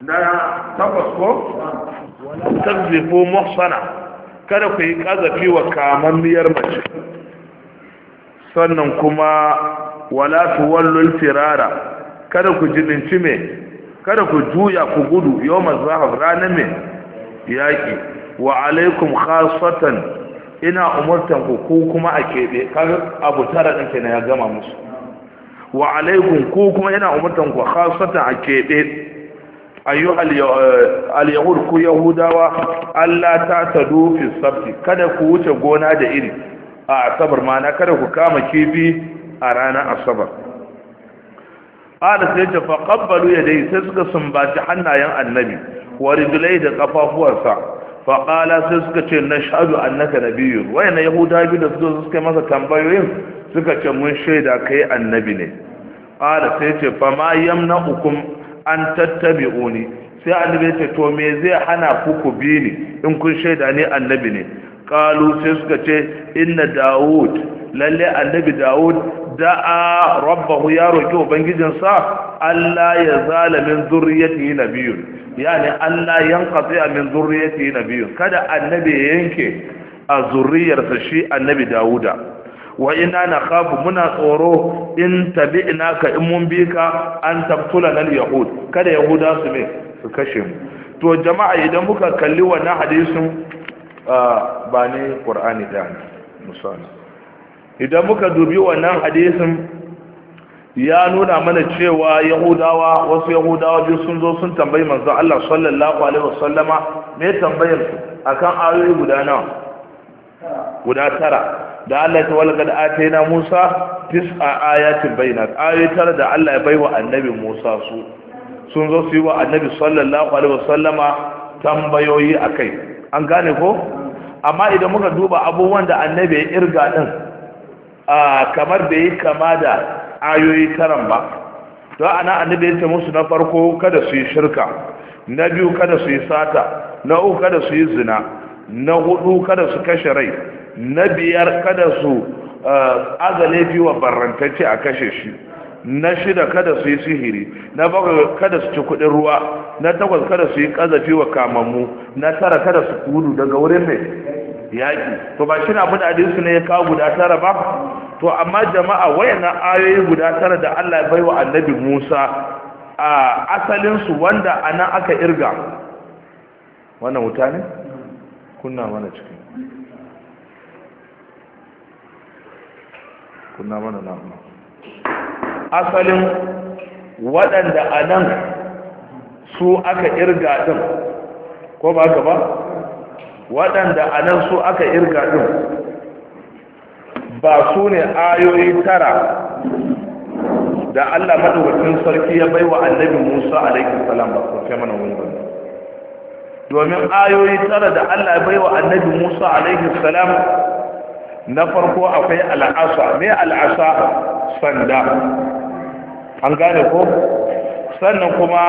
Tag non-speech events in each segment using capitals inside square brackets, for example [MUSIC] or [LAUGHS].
na takwas ko tazlifu muhsana kada ku yi kazafi wa kamammiyar mace sannan kuma wala tuwallul firara kada ku jininci me kada ku juya ku gudu yawmal zahab ranar me yaki wa alaikum khasatan ina umurtan ku ko kuma a keɓe kaga abu tara ɗin kenan ya gama musu wa alaikum ko kuma ina umurtan ku khasatan a keɓe ayyu al-yahud ku yahudawa Allah ta tadu fi sabti kada ku wuce gona da iri a asabar mana kada ku kama kifi a ranar asabar ala sai ta ya yadai sai suka sumbaci hannayen annabi wa rijlai da kafafuwarsa fa qala sai suka ce na shahadu annaka wa wayna yahudawa bi da suka masa tambayoyin suka ce mun shaida kai annabi ne ala sai ce fa ma yamna hukum? an tattabi'uni sai annabi ya ce to me zai hana ku ku bi ni in kun shaida ne annabi ne qalu sai suka ce inna daud lalle annabi dawud da'a rabbahu ya roki ubangijinsa Allah ya zala min zurriyatihi nabiyun yani Allah yanqati min zurriyatihi nabiyun kada annabi yanke a zurriyarsa shi annabi dauda wa ina na kafu muna tsoro in tabi ina ka in mun bi ka an tabtula nan yahud kada yahuda su ne su kashe mu to jama'a idan muka kalli wannan hadisin ba ne qur'ani da misali idan muka dubi wannan hadisin ya nuna mana cewa yahudawa wasu yahudawa biyu sun zo sun tambayi manzo Allah sallallahu alaihi wasallama me tambayar su akan ayoyi guda nawa guda tara da Allah ta walaka da ataina Musa tis'a ayatin bayyinat ayoyi tara da Allah ya baiwa annabi Musa su sun zo su yi wa annabi sallallahu alaihi wasallama tambayoyi akai an gane ko amma idan muka duba abubuwan da annabi ya irga din kamar bai yi kama da ayoyi taran ba to ana annabi ya ce musu na farko kada su yi shirka na biyu kada su yi sata na uku kada su yi zina na hudu kada su kashe rai na biyar kada su uh, azale fi wa barrantacce a kashe shi na shida kada su yi sihiri na bakwai kada su ci kudin ruwa na takwas kada su yi kazafi wa kamammu na tara kada su kudu daga wurin mai yaƙi to ba shi na abin da ne ya kawo guda tara ba to amma jama'a wayannan ayoyi guda tara da Allah ya bai wa annabi Musa a asalinsu wanda ana aka irga wannan wuta ne kunna mana cikin kunna mana na'ura asalin waɗanda a nan su aka irga ɗin ko ba ka ba waɗanda a nan su aka irga ɗin ba su ne ayoyi tara da Allah maɗaukacin sarki ya baiwa annabi Musa laifin salam ba ko kai mana wani domin ayoyi tara da Allah bai wa annabi Musa alaihi salam na farko akwai al'asa me al'asa sanda an gane ko sannan kuma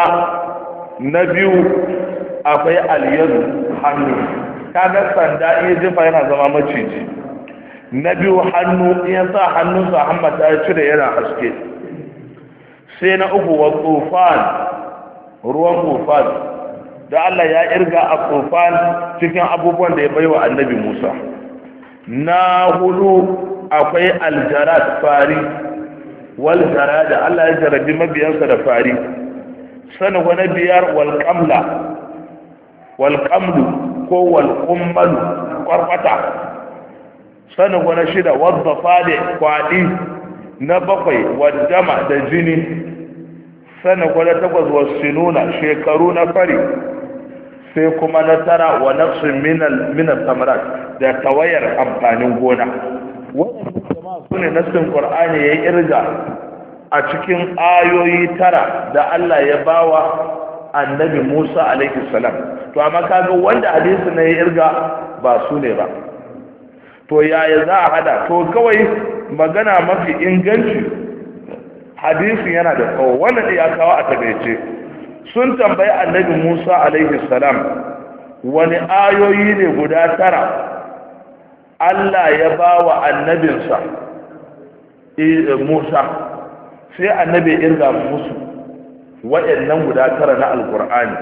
na biyu akwai aliyu hannu kaga sanda iya jifa yana zama maciji na biyu hannu iya sa hannun hannunsa hammata ya cire yana haske sai na uku wa tsofan ruwan tsofan da Allah ya irga a tsofan cikin abubuwan da ya baiwa annabi Musa na hudu akwai aljarat fari wal da Allah ya jarabi mabiyansa da fari sana na biyar wal kamla wal kamlu ko wal kummalu kwarfata sana na shida wadda fade kwadi na bakwai wadama da jini sana na takwas wasu nuna shekaru na fari sai kuma na tara wa minal minar samarat da tawayar amfanin gona wannan jama'a sune ƙur'ani ya irga a cikin ayoyi tara da Allah ya bawa annabi Musa alaihi salam to amma kaga wanda hadisi ne ya irga ba su ne ba to yaya za a hada to kawai magana mafi inganci hadisi yana da tsawo wannan ya a tabbace sun tambayi annabi Musa alaihi salam wani ayoyi ne guda tara Allah ya ba wa annabinsa e, Musa sai annabi irga musu waɗannan guda tara na alkur'ani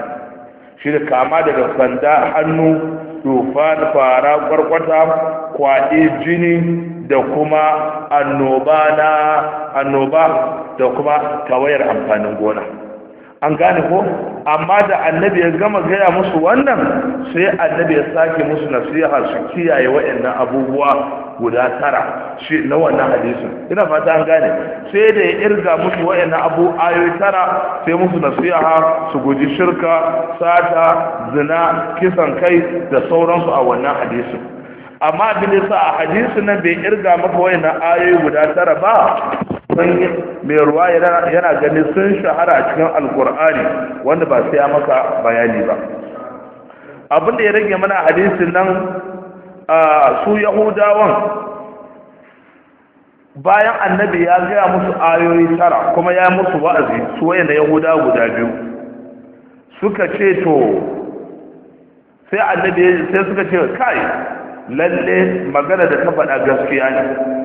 shi da kama daga sanda hannu tufan fara kwarkwata kwaɗe jini da kuma annoba da kuma tawayar amfanin gona an gane ko amma da annabi ya gama gaya musu wannan sai annabi ya sake musu nasiha su kiyaye waɗannan abubuwa guda tara shi na wannan hadisi ina fata an gane sai da ya irga musu waɗannan abu ayoyi tara sai musu nasiha su guji shirka sata zina kisan kai da sauransu a wannan hadisi amma abin sa a hadisin nan bai irga maka waɗannan ayoyi guda tara ba sun mai ruwa yana ganin sun shahara a cikin alkur'ani wanda ba sai ya maka bayani ba abin da ya rage mana hadisin nan su yahudawan bayan annabi ya gaya musu ayoyi tara kuma ya musu wa'azi su wayanda yahuda guda biyu suka ce to sai annabi sai suka ce kai lalle magana da ta faɗa gaskiya ne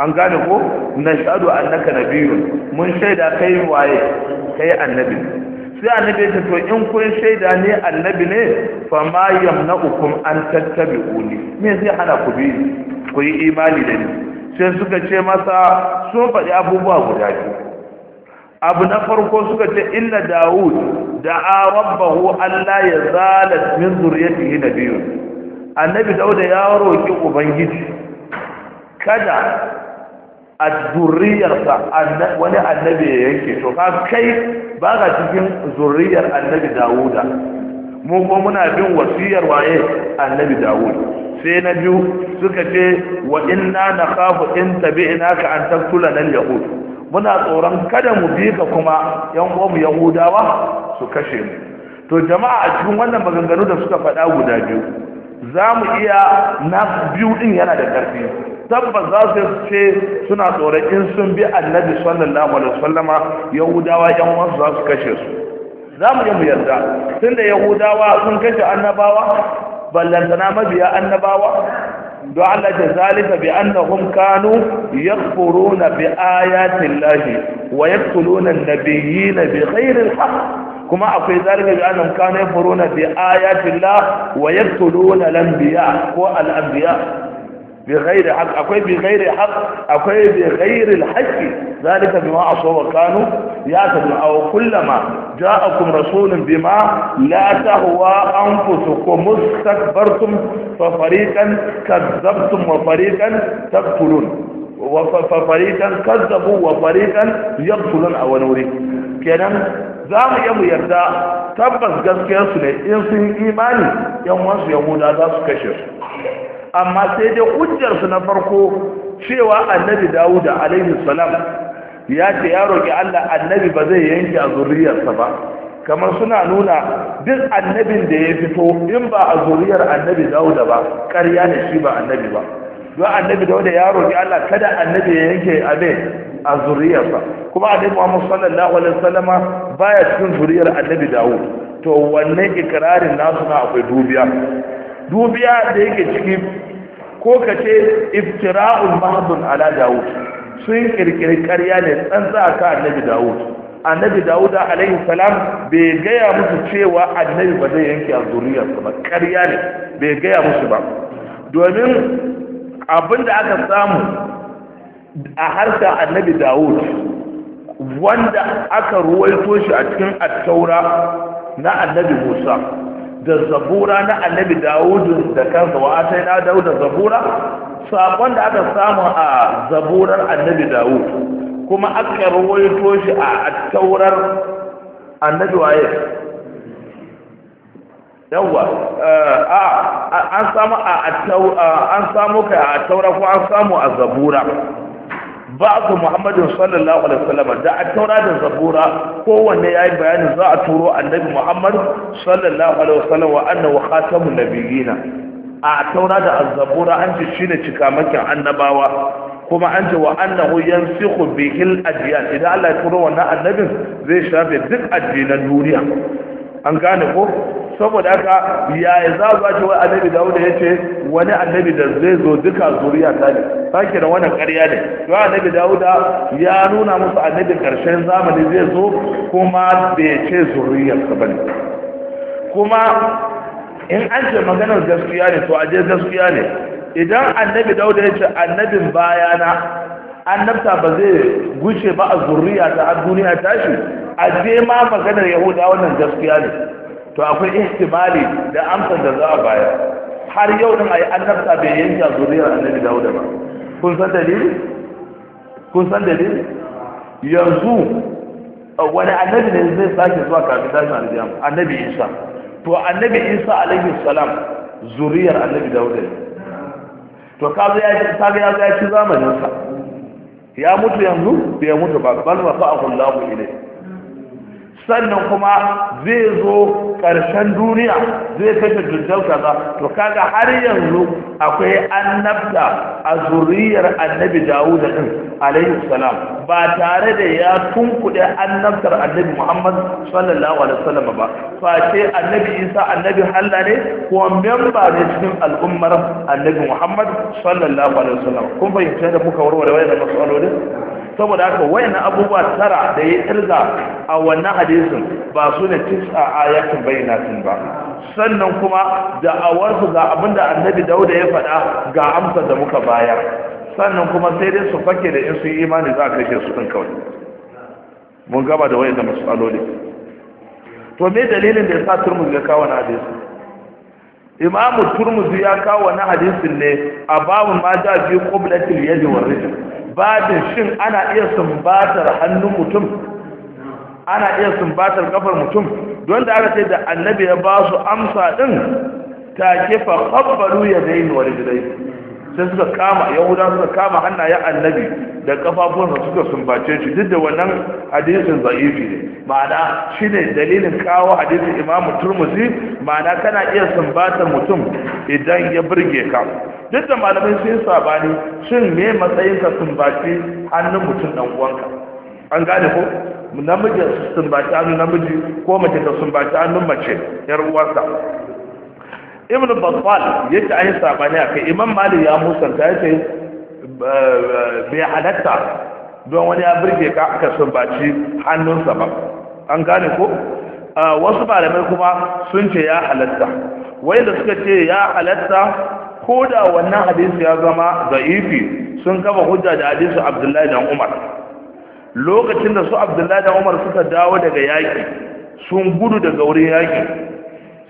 an gane ko na shaɗu annaka na biyu mun shaida kai waye kai annabi sai annabi ya to in kun shaida ne annabi ne fa ma yamna'ukum an ni me zai hana ku bi ku yi imani da ni sai suka ce masa sun faɗi abubuwa guda biyu abu na farko suka ce inna daud da'a rabbahu Allah ya zala min zuriyatihi nabiyun annabi dauda ya roki ubangiji kada a zuriyarsa wani annabi ya yanke to ka kai ba ka cikin zurriyar annabi dawuda mu ko muna bin wasiyar waye annabi dawud sai na biyu suka ce wa inna na kafu in ina ka an nan yahud muna tsoron kada mu bi ka kuma yan uwanmu yahudawa su kashe mu to jama'a a cikin wannan maganganu da suka faɗa guda biyu za mu iya na biyu din yana da ƙarfi tabbas za su ce suna tsoron in sun bi annabi sallallahu alaihi wasallama yahudawa yan wasu za su kashe su za mu yi mu yarda tunda yahudawa sun kashe annabawa ballantana mabiya annabawa don Allah ta zalika bi annahum kanu yakfuruna bi ayati llahi wa yaqtuluna nabiyyina bi ghairi haqq kuma akwai zalika bi annahum kanu yafuruna bi ayati llah wa yaqtuluna al-anbiya ko al-anbiya bi ghairi haqq akwai bi ghairi haqq akwai bi ghairi al-haqq zalika bima asaw kanu ya'tadu aw kullama ja'akum rasulun bima la tahwa anfusukum mustakbartum fa fariqan kadzabtum wa fariqan taqtulun wafafarikan kazzabu wa yabtulun a wani wuri kenan za mu iya mu yarda tabbas gaskiyarsu ne in sun imani yan wasu yahuda za su kashe su amma sai dai hujjarsu na farko cewa annabi dawuda alaihi salam ya ce ya roƙi allah annabi ba zai yanke a zuriyarsa ba kamar suna nuna duk annabin da ya fito in ba a zuriyar annabi dawuda ba ƙarya ne shi ba annabi ba don annabi da wanda ya ne Allah kada annabi ya yanke abe a zuriyarsa kuma annabi Muhammad sallallahu alaihi wasallama baya cikin zuriyar annabi Dawud to wannan ikrarin nasu na akwai dubiya dubiya da yake ciki ko kace ce iftira'ul mahdun ala Dawud sun kirkiri karya ne tsantsa ka annabi Dawud annabi Dawud alaihi salam bai gaya musu cewa annabi ba zai yanke a zuriyarsa ba ƙarya ne bai gaya musu ba domin Abin da aka samu a harshen annabi dawud wanda aka ruwaito shi a cikin attaura na annabi musa da zabura na annabi dawud da kansa wa atai na dawud da zabura sakon da aka samu a zaburar annabi dawud kuma aka ruwaito shi a attaurar annabi waye yawwa eh, an samu an samu ka a taura ko an samu a zabura ba'du muhammadin sallallahu alaihi wasallam da a taura da zabura kowanne yi bayani za a turo annabi muhammad sallallahu alaihi wasallam wa annahu khatamun nabiyina a taura da zabura an ce shine cikamakin annabawa kuma an ji wa annahu yansikhu bihil adyan idan Allah ya turo wannan annabin zai shafe duk addinan duniya an gane ko saboda haka yaya za a ce wani annabi dawud ya ce wani annabi da zai zo duka zuriya ta ne sake da wannan karya ne to annabi dauda ya nuna musu annabi karshen zamani zai zo kuma da ya ce ta bane kuma in an ce maganar gaskiya ne to a je gaskiya ne idan annabi dauda ya ce annabin bayana annabta ba zai gushe ba a zurriya ta a duniya tashi a je ma maganar yahuda wannan gaskiya ne to akwai ihtimali da amsar da za a baya har yau din ayi annabta bai yanke zurriyar annabi dawud ba kun san dalili kun san dalili yanzu wani annabi ne zai sake zuwa kafin tashin alƙiyama annabi isa to annabi isa alaihi salam zuriyar annabi dawud ne to kaga ya ci zamaninsa ya mutu yanzu ya mutu ba bal wa fa'ahu sannan kuma zai zo ƙarshen duniya zai kashe dujjal kaza to kaga har yanzu akwai annabta a zuriyar annabi Dawud din alaihi salam ba tare da ya tunkuɗe annabtar annabi muhammad sallallahu alaihi wasallam ba ce annabi isa annabi halla ne ko memba ne cikin al'ummar annabi muhammad sallallahu alaihi wasallam kun fahimci da muka warware wannan masalolin saboda haka wayan abubuwa tara da ya tirza a wannan hadisin ba su ne tis'a ayatin sun ba sannan kuma da awarsu ga abinda annabi dauda ya faɗa ga amsa da muka bayar sannan kuma sai dai su fake da in su yi imani za a kashe su ɗin kawai mun gaba da masu aloli to me dalilin da ya sa turmus ya kawo na imam turmuzi ya kawo wani hadisin ne a babu ma ja bi qiblatil yadi war rijl babin shin ana iya sumbatar hannun mutum ana iya sumbatar kafar mutum don da aka ce da annabi ya ba su amsa din take fa qabbalu yadayn wa rijlayhi sai suka kama yahuda suka kama hannaye annabi da kafafunsa suka sumbace shi duk da wannan hadisin za'ifi ne ma'ana shine dalilin kawo hadisin imam turmusi ma'ana kana iya sumbatar mutum idan ya burge ka duk da malamai sun sabani shin me matsayin ka sumbace hannun mutum dan uwanka an gane ko namiji sumbace hannun namiji ko mace ta sumbace hannun mace yar uwarsa ibn basfal yace ayi sabani akai imam malik ya musanta yace bai halatta don wani ya burge ka aka sumbaci hannunsa ba an gane ko wasu malamai kuma sun ce ya halatta wai da suka ce ya halatta ko da wannan hadisi ya zama za'ifi sun kafa hujja da hadisi abdullahi dan umar lokacin da su abdullahi dan umar suka dawo daga yaƙi sun gudu daga wurin yaƙi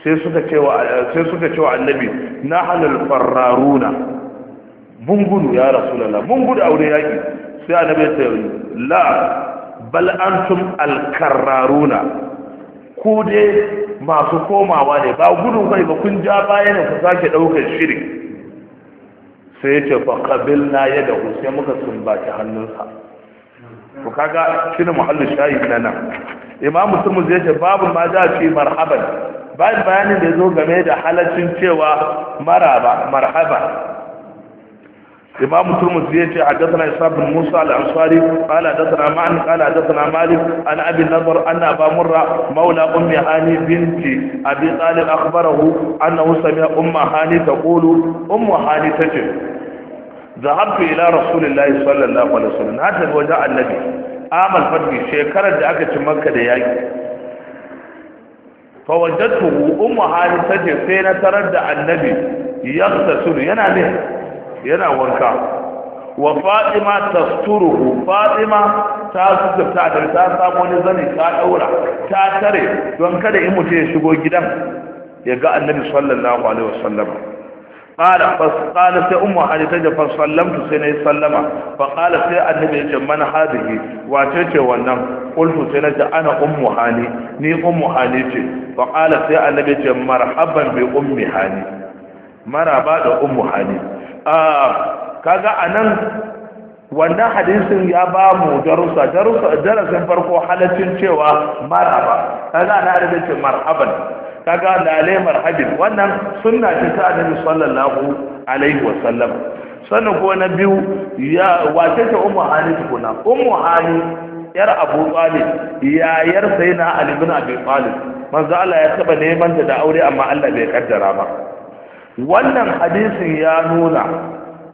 sai suka cewa sai suka annabi na halal fararuna mun gudu ya rasulullah mun gudu aure yaki sai annabi ya ce la bal antum alkararuna ko dai masu komawa ne ba gudu kai ba kun ja bayan ku sake daukar shiri sai ya ce fa qabilna yadahu sai muka sumbaci hannunsa to kaga shine muhallin shayi na nan imamu mu zai ce babu ma za fi marhaban bayan bayanin da zo game da halacin cewa maraba marhaba imam turmus ya ce a dasana isabin musa al'ansari ala dasana ma'an ala dasana malik an abin nazar an ba murra maula ummi hani binti abi tsalin akbarahu an na wusa mai umma hani ta kolo umma hani ta ce zahabtu ila rasulullahi sallallahu alaihi wasallam na ta wajen annabi amal shekarar da aka ci maka da yaki fa wajadtuhu ummu halim ce sai na tarar da annabi yaghtasul yana ne yana wanka wa fatima tasturuhu fatima ta zuba ta ta samu wani zani ta daura ta tare don kada in mutum ya shigo gidan ya ga annabi sallallahu alaihi wasallam qala qala sai ummu ta da sallamtu sai nayi sallama fa qala sai annabi ya wace ce wannan qultu sai nace ana ummu ni ummu ce fa qala sai annabi ya ce marhaban bi ummi hali maraba da ummu anan wannan hadisin ya ba mu darussa darussa darasin farko halaccin cewa maraba kaga na da ce marhaban kaga lale marhabin wannan sunna ce ta annabi sallallahu alaihi wa sallam sannan ko na biyu ya wace ta ummu hani tukuna ummu yar abu talib yayar sayyidina ali bin abi talib manzo Allah ya taba neman ta da aure amma Allah bai kaddara ba wannan hadisin ya nuna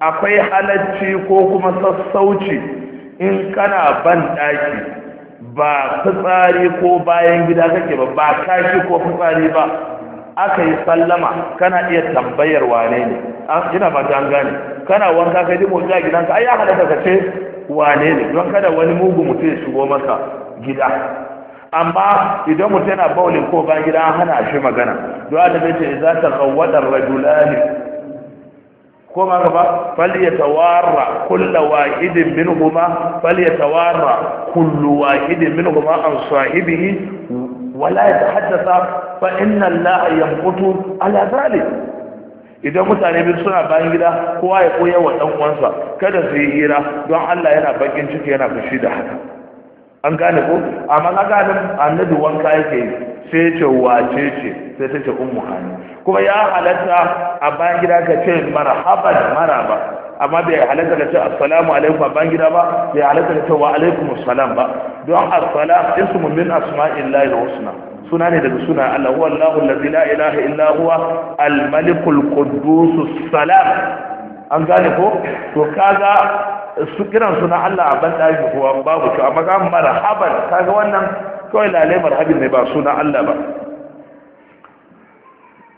akwai halacci ko kuma sassauci in kana ban daki ba fitsari ko bayan gida kake ba ba kashi ko fitsari ba aka yi sallama kana iya tambayar wane ne ah, ina ba ta gane kana wanka kai ji ga gidanka ai ya hada ka ce wane ne don kada wani mugu mutum ya shigo masa gida amma idan mutum yana baulin ko ba gida an hana shi magana don da ce za ta qawwadar rajulani ko ma gaba falyatawarra kuma wahidin ya falyatawarra kullu wahidin kuma an sahibihi wala haddasa fa inna allaha yamqutu ala zalik idan mutane biyu suna bayan gida kowa ya koya wa uwansa kada su yi hira don Allah yana bakin ciki yana fushi da haka an gane ko amma na gane annabi wanka yake sai ce wace ce sai ta ce ummu hani kuma ya halatta a bayan gida ka ce marhaban maraba amma bai halatta da ce assalamu alaikum a bayan gida ba bai halatta da ce wa alaikum assalam ba don assalam ismu min asma'illahi husna suna ne daga suna Allah huwa Allahu allazi la ilaha illa huwa al-malikul quddus salam an gane ko to kaga su kiran suna Allah a ban kuwa babu kyau amma ga marhaban kaga wannan kawai lalai marhabin ne ba suna Allah ba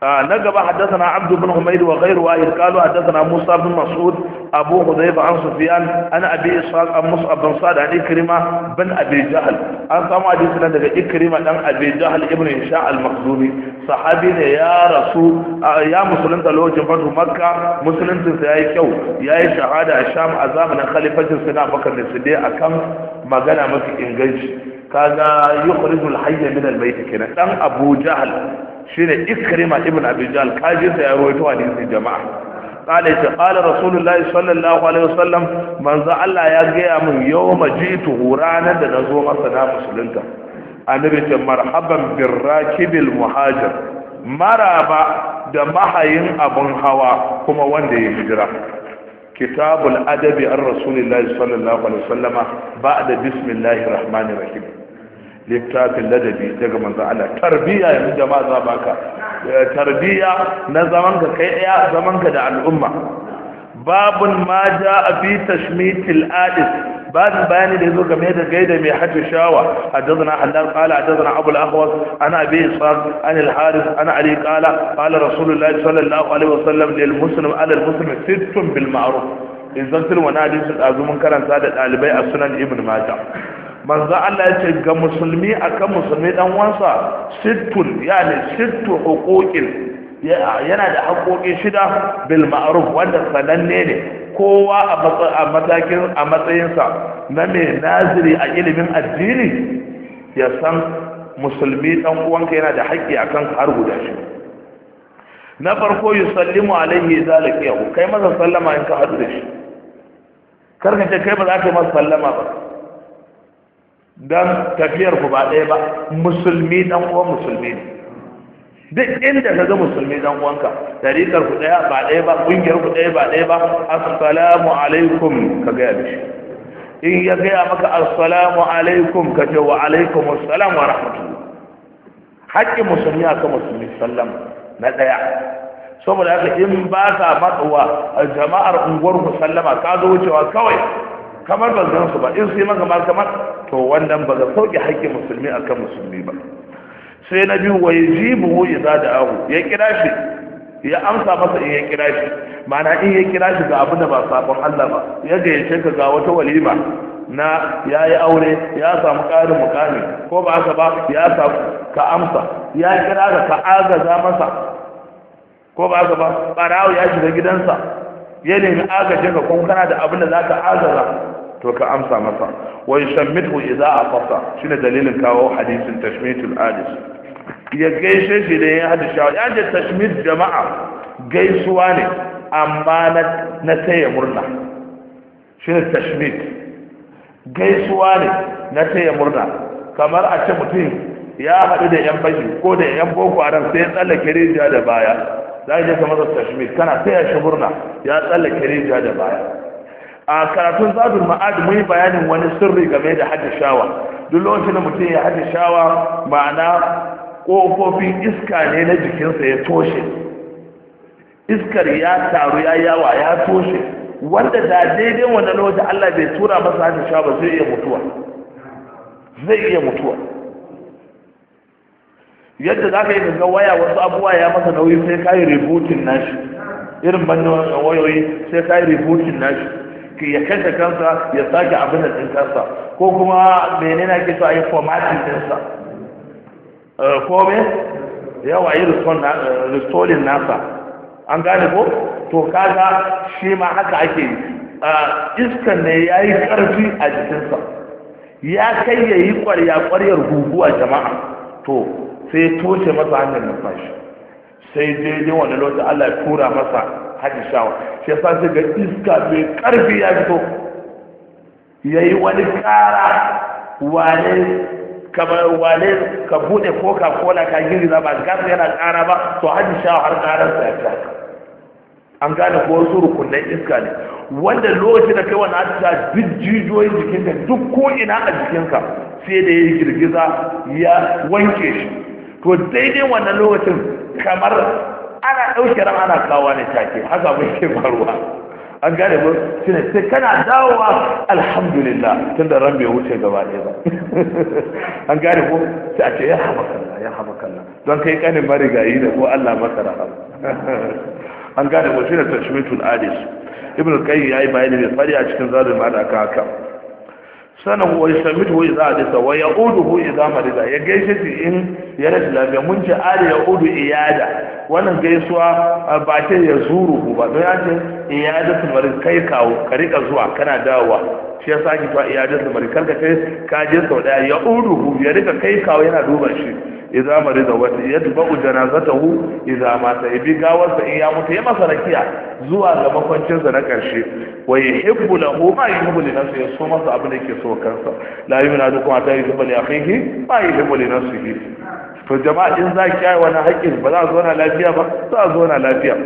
na gaba haddasa abdu bin humaid wa ghayru wa yaqalu haddasa musa bin mas'ud abu hudayfa an sufyan an abi ishaq an mus'ab bin sa'd an ikrima bin abi an samu hadisi nan daga ikrima dan abi ibn isha al makhzumi sahabi ne ya rasu ya musulunta lokacin fatu makka musulunci sa yayi kyau yayi shahada a sham a zamanin khalifatin na bakar da a akan magana mafi inganci kaga yukhrijul hayya min al-mayt kenan dan Abu Jahl shine Ikrima ibn Abi Jahl kaji sa ya rawaito hadisin jama'a qala ta qala rasulullahi sallallahu alaihi wasallam manzo Allah ya gaya min yawma jitu ranar da nazo masa na musulunta annabi ce marhaban birrakibil muhajir maraba da mahayin abun hawa kuma wanda ya hijira kitabul adabi an rasulillahi sallallahu alaihi wasallama ba'da bismillahir rahmanir rahim littafin ladabi daga manzo Allah tarbiya yanzu jama'a za baka eh, tarbiya na zaman ka kai daya zaman ka da al'umma babun ma jaa fi tashmitil adis بعد بيان اللي يزوج من من حج الشاوى حدثنا حلال قال حدثنا أبو الأخوص أنا أبي إسحاق أنا الحارث أنا علي قال قال رسول الله صلى الله عليه وسلم للمسلم على المسلم ست بالمعروف إن زلت ونادي أزوم كرن سادة ألبي السنن ابن ماجه manzo Allah ya ce ga musulmi akan musulmi dan wansa sittun yani sittu huquqin yana da haƙoƙi shida bil ma'ruf wanda sananne ne kowa a matakin a matsayinsa na mai naziri a ilimin addini ya san musulmi dan uwanka yana da haƙƙi akan har guda shi na farko yusallimu alaihi zalika yahu kai masa sallama in ka hadu da shi karkace kai ba za ka yi masa sallama ba don tafiyar ku ba ɗaya ba musulmi dan uwan musulmi ne duk inda ka ga musulmi dan uwanka dariƙar ku ɗaya ba ɗaya ba ƙungiyar ku ɗaya ba ɗaya ba assalamu alaikum ka gaya da in ya gaya maka assalamu alaikum ka ce wa alaikum assalam wa rahmatullah haƙƙin musulmi a kan musulmi sallam na ɗaya saboda haka in ba ka matsuwa jama'ar unguwar ku sallama ka zo wucewa kawai kamar ban zan su ba in su yi maka ma kamar to wannan ba ga sauke haƙƙin musulmi akan musulmi ba sai na biyu wa za idza ahu ya kira shi ya amsa masa in ya kira shi Mana in ya kira shi ga abin da ba sabon Allah ba ya gayyace ka ga wata walima na ya yi aure ya samu ƙarin mukami ko ba haka ba ya samu ka amsa ya kira ka ka agaza masa ko ba haka ba ɓarawo ya shiga gidansa ya nemi agajin ka kuma kana da abin da za ka agaza to ka amsa masa wa yushammithu idza afasa shine dalilin kawo hadisin tashmitul adis ya gaishe shi da ya hada ya ce tashmit jama'a gaisuwa ne amma na na taya murna shine tashmit gaisuwa ne na taya murna kamar a ce mutum ya haɗu da 'yan bashi ko da 'yan boko ran sai ya tsallake rijiya da baya za je ka masa tashmir kana taya shi murna ya tsallake rija da baya a karatun zadul ma'ad mun yi bayanin wani sirri game da hadda shawa duk lokacin da mutum ya hadda shawa ma'ana kofofin iska ne na jikinsa ya toshe iskar ya taru ya yawa ya toshe wanda da daidai wanda lokacin Allah bai tura masa hadda shawa ba zai iya mutuwa zai iya mutuwa yadda za ka yi ganga waya wasu abubuwa ya masa nauyi sai ka yi rebooting nashi irin banda wayoyi sai ka yi rebooting nashi ya kashe kansa ya sake abin da ɗin kansa ko kuma menene na so a yi formatin ɗinsa eh, ko me yawa yi eh, restoring nasa an gane ko to kaga shi ma haka ake yi eh, iskan ne ya yi ƙarfi a jikinsa ya kai ya yi ƙwarya ƙwaryar guguwa jama'a to sai ya toshe masa hanyar numfashi sai daidai wani lokacin Allah ya tura masa hajji shawa shi yasa sai ga iska mai karfi ya fito ya yi wani kara wane kamar wane ka bude coca cola ka gini za ba gas yana kara ba to hajji shawa har sa ya fita an gane ko wasu rukunan iska ne wanda lokacin da kai wani ta duk jijiyoyin jikinka duk ko ina a jikinka sai da ya yi girgiza ya wanke shi Ko daidai wannan lokacin kamar ana ɗauke ran ana kawo ne take haka mun ke faruwa an gane mu shine sai kana dawowa alhamdulillah tunda ran bai wuce gaba ɗaya ba [LAUGHS] an gane ko sai a ce ya kalla, ya kalla. don kai kanin marigayi da ko Allah maka rahama [LAUGHS] an gane mu shine tashmitul adis ibn al-qayyim yayi bayani mai fari a cikin zadul ma'ad aka haka sanahu wa yashmidu idha adisa wa yauduhu idha marida ya gaishe shi in ya rashin lafiya mun ce ali yaudu iyada wannan gaisuwa ba ta yazuru zuru ba don ya iyadatul marid kai kawo ka rika zuwa kana dawowa shi yasa ki fa iyadatul marid kanka kai ka je sau daya ya uruhu ya rika kai kawo yana duba shi idza marida wa yatba'u janazatahu idza mata ibi gawarsa in ya mutu ya masa rakiya zuwa ga makwancin sa na karshe wa yuhibbu lahu ma yuhibbu li nafsihi so masa abin da yake so kansa la yumina kuma ta yuhibbu li akhihi ma yuhibbu li nafsihi to jama'a in za ki yi wani haƙƙin ba za a zo na lafiya ba za a zo na lafiya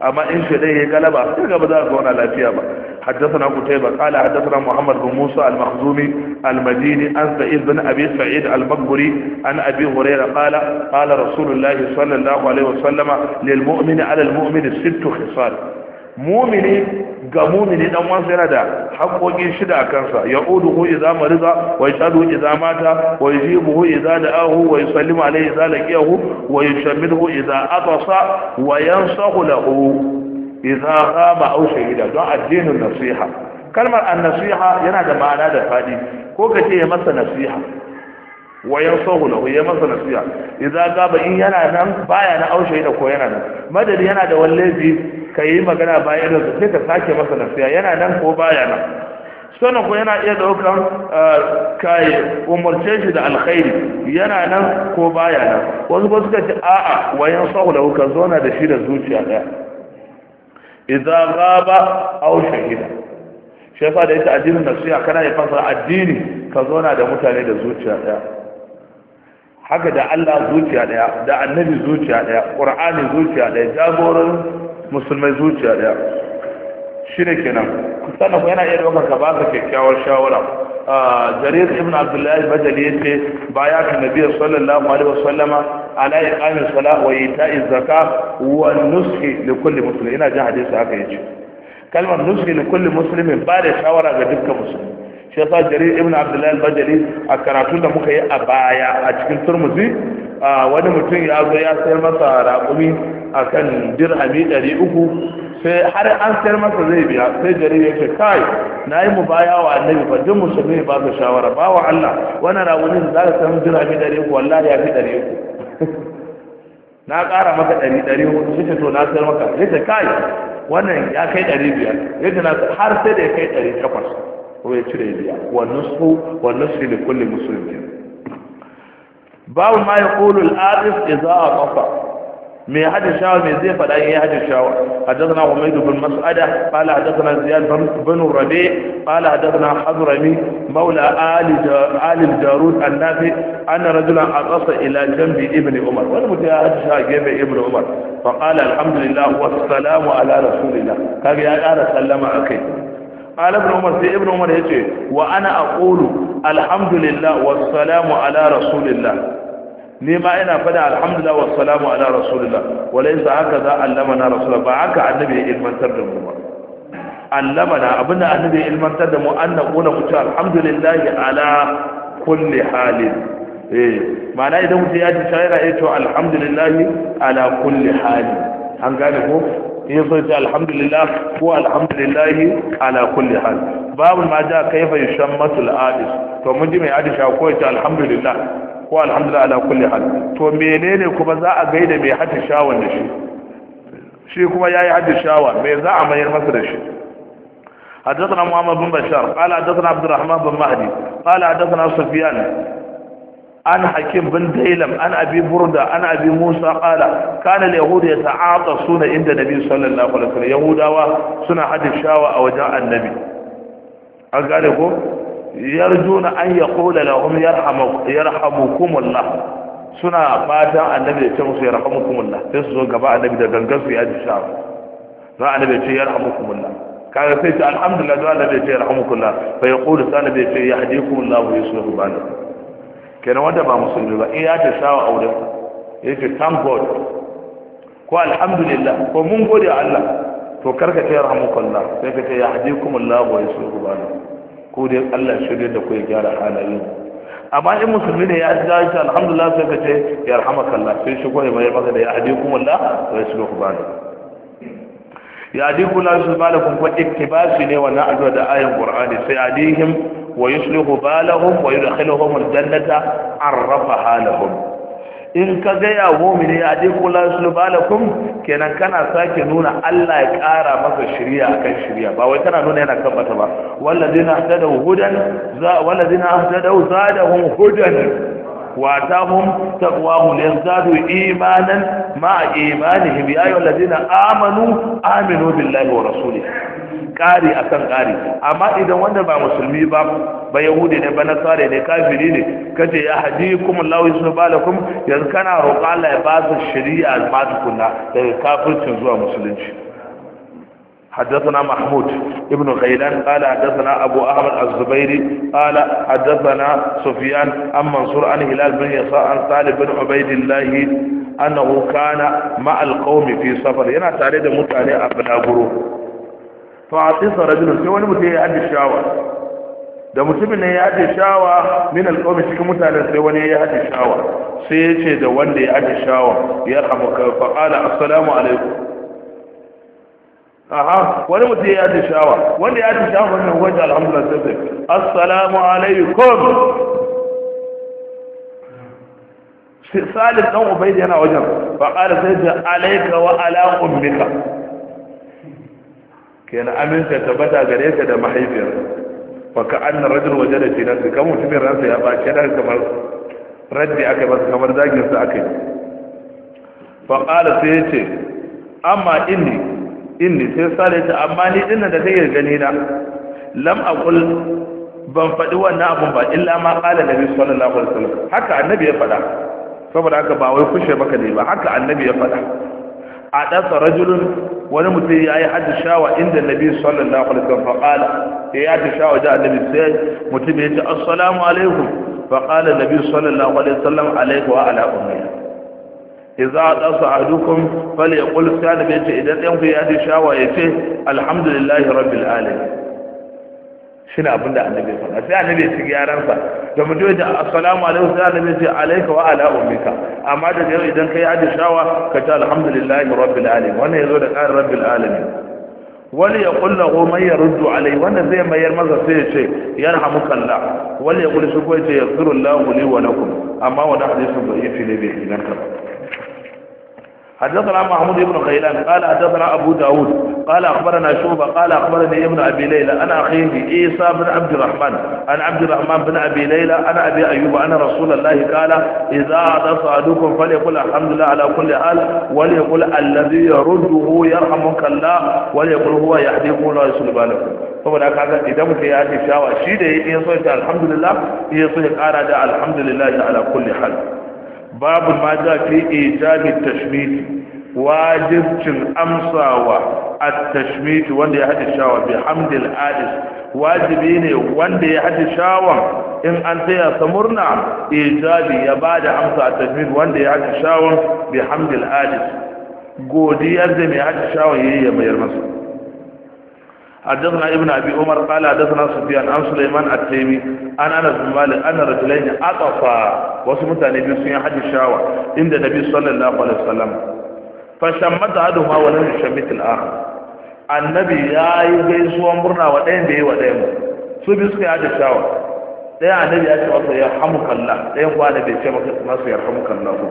amma in shi ya galaba sai ga ba za a zauna lafiya ba haddathana qutayba qala na muhammad bin musa al almadini al-madini an sa'id bin abi sa'id al-maghburi an abi huraira qala qala rasulullahi sallallahu alaihi wasallama lil mu'mini ala al-mu'mini sittu khisal mumini ga mumini dan wasu yana da haƙoƙi shida a kansa ya ƙudu ko iza mariza wa ya iza mata wa ya jibu iza da ahu wa ya sallima alai iza laƙiyahu wa ya shamil hu iza atasa wa yan sahu lahu iza rama au shahida don addinin nasiha kalmar an nasiha yana da ma'ana da faɗi ko ka ce ya masa nasiha wayan sahu lahu ya masa nasiya ga gaba in yana nan baya na aushe da ko yana nan madadi yana da ka kai magana baya da su ka sake masa nasiya yana nan ko baya nan sannan ko yana iya daukan eh, kai umarce shi da alkhairi yana nan ko baya nan wasu ba suka ce a'a wayan sahu hu ka zo na da shi da zuciya daya ga ba aushe gida. shefa da ita addinin nasiya kana ya fasa addini ka zo na da mutane da zuciya daya haka da Allah zuciya daya da annabi zuciya daya qur'ani zuciya daya jagoran musulmai zuciya daya shine kenan sannan yana iya daukar ka ba ka kyakkyawar shawara ah, jarir ibn abdullahi bajali yace baya ka nabi sallallahu alaihi wasallama ala iqamis salat wa ita'iz zakat wa nushi li kulli muslim ina ji hadisi haka yace kalmar nushi li kulli muslimin ba da shawara ga dukkan musulmi shi yasa jarir ibn abdullahi al-bajali a karatu da muka yi a baya a cikin turmuzi wani mutum ya zo ya sayar masa raƙumi a kan dirhami ɗari uku sai har an sayar masa zai biya sai jarir ya ce kai na yi mu baya wa annabi ba duk musulmi ba su shawara ba wa allah wani raƙumin za ka sayar dirhami ɗari uku wallahi ya fi ɗari uku [LAUGHS] na ƙara maka ɗari ɗari hudu shi to na sayar maka ya ce kai wannan ya kai ɗari biyar ya ce na har sai da ya kai ɗari takwas وهي تريديا والنصف والنصف لكل مسلم باب ما يقول الآرف إذا أطفى من أحد الشاور من زيفة لأي أحد الشاور إيه حدثنا عميد بن مسعدة قال حدثنا زياد بن ربيع قال حدثنا حضرمي مولى آل, آل الجارود النافي أن رجلا أقص إلى جنب ابن عمر ونمت يا أحد الشاور جنب ابن عمر فقال الحمد لله والسلام على رسول الله قال يا يقال سلم أكيد ƙalab na sai ibn umar ya ce wa a kuru alhamdulillah wasu salamu ala rasulillah ne ma ina fada alhamdulillah wasu ala rasulillah wale yin sa haka za a lama na rasulillah ba haka annabi ilmantar da mu ba allama na abinda annabi ya ilmantar da mu an na ƙona mu ce ala kulle halin ma'ana idan mutum ya ji shayara ya ce alhamdulillah ala kulle halin an gane ya so ce alhamdulillah ko alhamdulillahi ala kulli hal babu ma ja shan masu adis to mun ji mai adisha ko ce alhamdulillah ko alhamdulillah ala kulli hal to menene kuma za a gaida mai hadisha da shi shi kuma ya yi yayi hadishawa me za a mayar masa da shi حدثنا محمد بن بشار قال حدثنا عبد الرحمن بن مهدي قال حدثنا سفيان an hakim bin dailam an abi burda an abi musa qala kana ya yahud suna inda nabi sallallahu alaihi wasallam yahudawa suna hadin shawa a wajen annabi an gane ko yarjuna an yaqula lahum yarhamu yarhamukumullah suna fatan annabi ya ce musu yarhamukumullah sai su zo gaba annabi da gangan su ya ji shawa za annabi ya ce yarhamukumullah kaga sai ce alhamdulillah da Allah bai ce rahmukullah fa yaqulu sana bai ce yahdikumullahu wa yuslihu balakum kenan wanda ba musulmi ba in ya ta sawa auren ya ce thank god ko alhamdulillah ko mun gode Allah to karka ta yarhamu kallah sai ka ce ya hadikum Allah su yusuru bana ko dai Allah shirye da ku ya gyara halayen amma in musulmi ne ya ji ta alhamdulillah sai ka ce ya rahama Allah sai shi gore mai maka da ya hadikum Allah wa yusuru bana ya hadikum Allah subhanahu wa ta'ala kun ko iktibasi ne wannan addu'a da ayan Qur'ani sai hadihim wa yuslihu balahum wa yudkhiluhum aljannata arrafaha lahum in ka gaya ya mu'mini ya dai kula balakum kenan kana sake nuna Allah ya kara maka shiriya akan shiriya ba wai kana nuna yana kan bata ba walladina hadadu hudan za walladina hadadu zadahum hudan واتاهم تقواهم ليزدادوا ايمانا مع ايمانهم يا ايها الذين امنوا امنوا بالله ورسوله kari akan kari amma idan wanda ba musulmi ba ba yahudi ne ba nasara ne kafiri ne kace ya hadikum Allah bala balakum yanzu kana roƙa Allah ya ba su shari'a ma tukunna daga kafircin zuwa musulunci حدثنا محمود ابن غيلان قال حدثنا أبو أحمد الزبيري قال حدثنا سفيان عن منصور عن هلال بن يسار عن سالم بن عبيد الله أنه كان مع القوم في سفر ينا تاريد متعني أبناء برو فعطيس رجل سوى المتعي عن الشاوى da mutumin ne ya haɗe shawa min alƙawmi cikin mutanen sai wani ya haɗe shawa sai ya ce da wanda ya haɗe shawa ya rahamu ka fa'ala assalamu alaikum aha wani mutum ya ta shawa wanda ya ta shawa wannan wajen alhamdulillah sai sai assalamu alaikum salim dan ubaid yana wajen fa qala sai da alayka wa ala ummika kenan aminta tabbata gare ka da mahaifiyar fa ka anna rajul wajada fi nafsi kamar mutumin ransa ya bace da kamar raddi aka masa kamar zagin sa aka yi fa qala sai ce amma inni inni sai sale ta amma ni din da kai gani na lam aqul ban faɗi wannan abun ba illa ma qala nabi sallallahu alaihi wasallam haka annabi ya faɗa saboda haka ba wai kushe maka ne ba haka annabi ya faɗa a dasa rajulun wani mutum ya yi hajji shawa inda nabi sallallahu alaihi wasallam faqala ya yi hajji shawa da annabi sai mutum ya ce assalamu alaikum faqala nabi sallallahu alaihi wasallam alaikum wa ala ummi Iza a idza dasa adukum falyaqul salibe ce idan ɗan ku ya ji shawa ya ce alhamdulillahi rabbil alamin shi ne abinda annabi ya faɗa sai annabi ya ci gyaransa da mutum da assalamu alaikum sai annabi ya ce alaika wa ala ummika amma da yau idan ka kai aji shawa ka ce alhamdulillahi rabbil alamin wannan ya zo da ƙarin rabbil alamin wani ya kulla ko mai ya ruddu alai wannan zai mayar masa sai ya ce yarhamuka kalla. wani ya kulli shi ko ya ce yaghfirullahu li wa kun amma wannan hadisin bai yi fili bai inganta ba حدثنا محمود بن غيلان قال حدثنا أبو داود قال أخبرنا شوبة قال أخبرني ابن أبي ليلى أنا أخيه عيسى بن عبد الرحمن أنا عبد الرحمن بن أبي ليلى أنا أبي أيوب أنا رسول الله قال إذا عطس أحدكم فليقل الحمد لله على كل حال وليقل الذي يرده يرحمك الله وليقل هو يهديكم ولا يصلي بالكم saboda kaga idan mutum ya ce shawa shi da ya so ya alhamdulillah ya so ya kara da alhamdulillah ala kulli hal babu ma za fi ijabi tashmiti wajibcin amsawa a tashmiti wanda ya haɗi shawa bi hamdil adis wajibi ne wanda ya haɗi shawan in an taya sa murna ijabi ya ba da amsa a tashmiti wanda ya haɗi shawan bi hamdil adis godiyar da mai haɗi shawan yi ya mayar masa حدثنا ابن ابي عمر قال حدثنا سفيان عن سليمان التيمي عن انس بن مالك ان رجلين عطفا وسمتان بن سفيان حج الشاوى عند النبي صلى الله عليه وسلم فشمت احدهما ولم يشمت الاخر annabi ya yi gaisuwan murna wa ɗayan da yi wa ɗayan su bi suka yaji shawar ɗaya annabi ya ce masa ya hamu kalla ɗayan kuwa da bai ce masa ya hamu kalla ko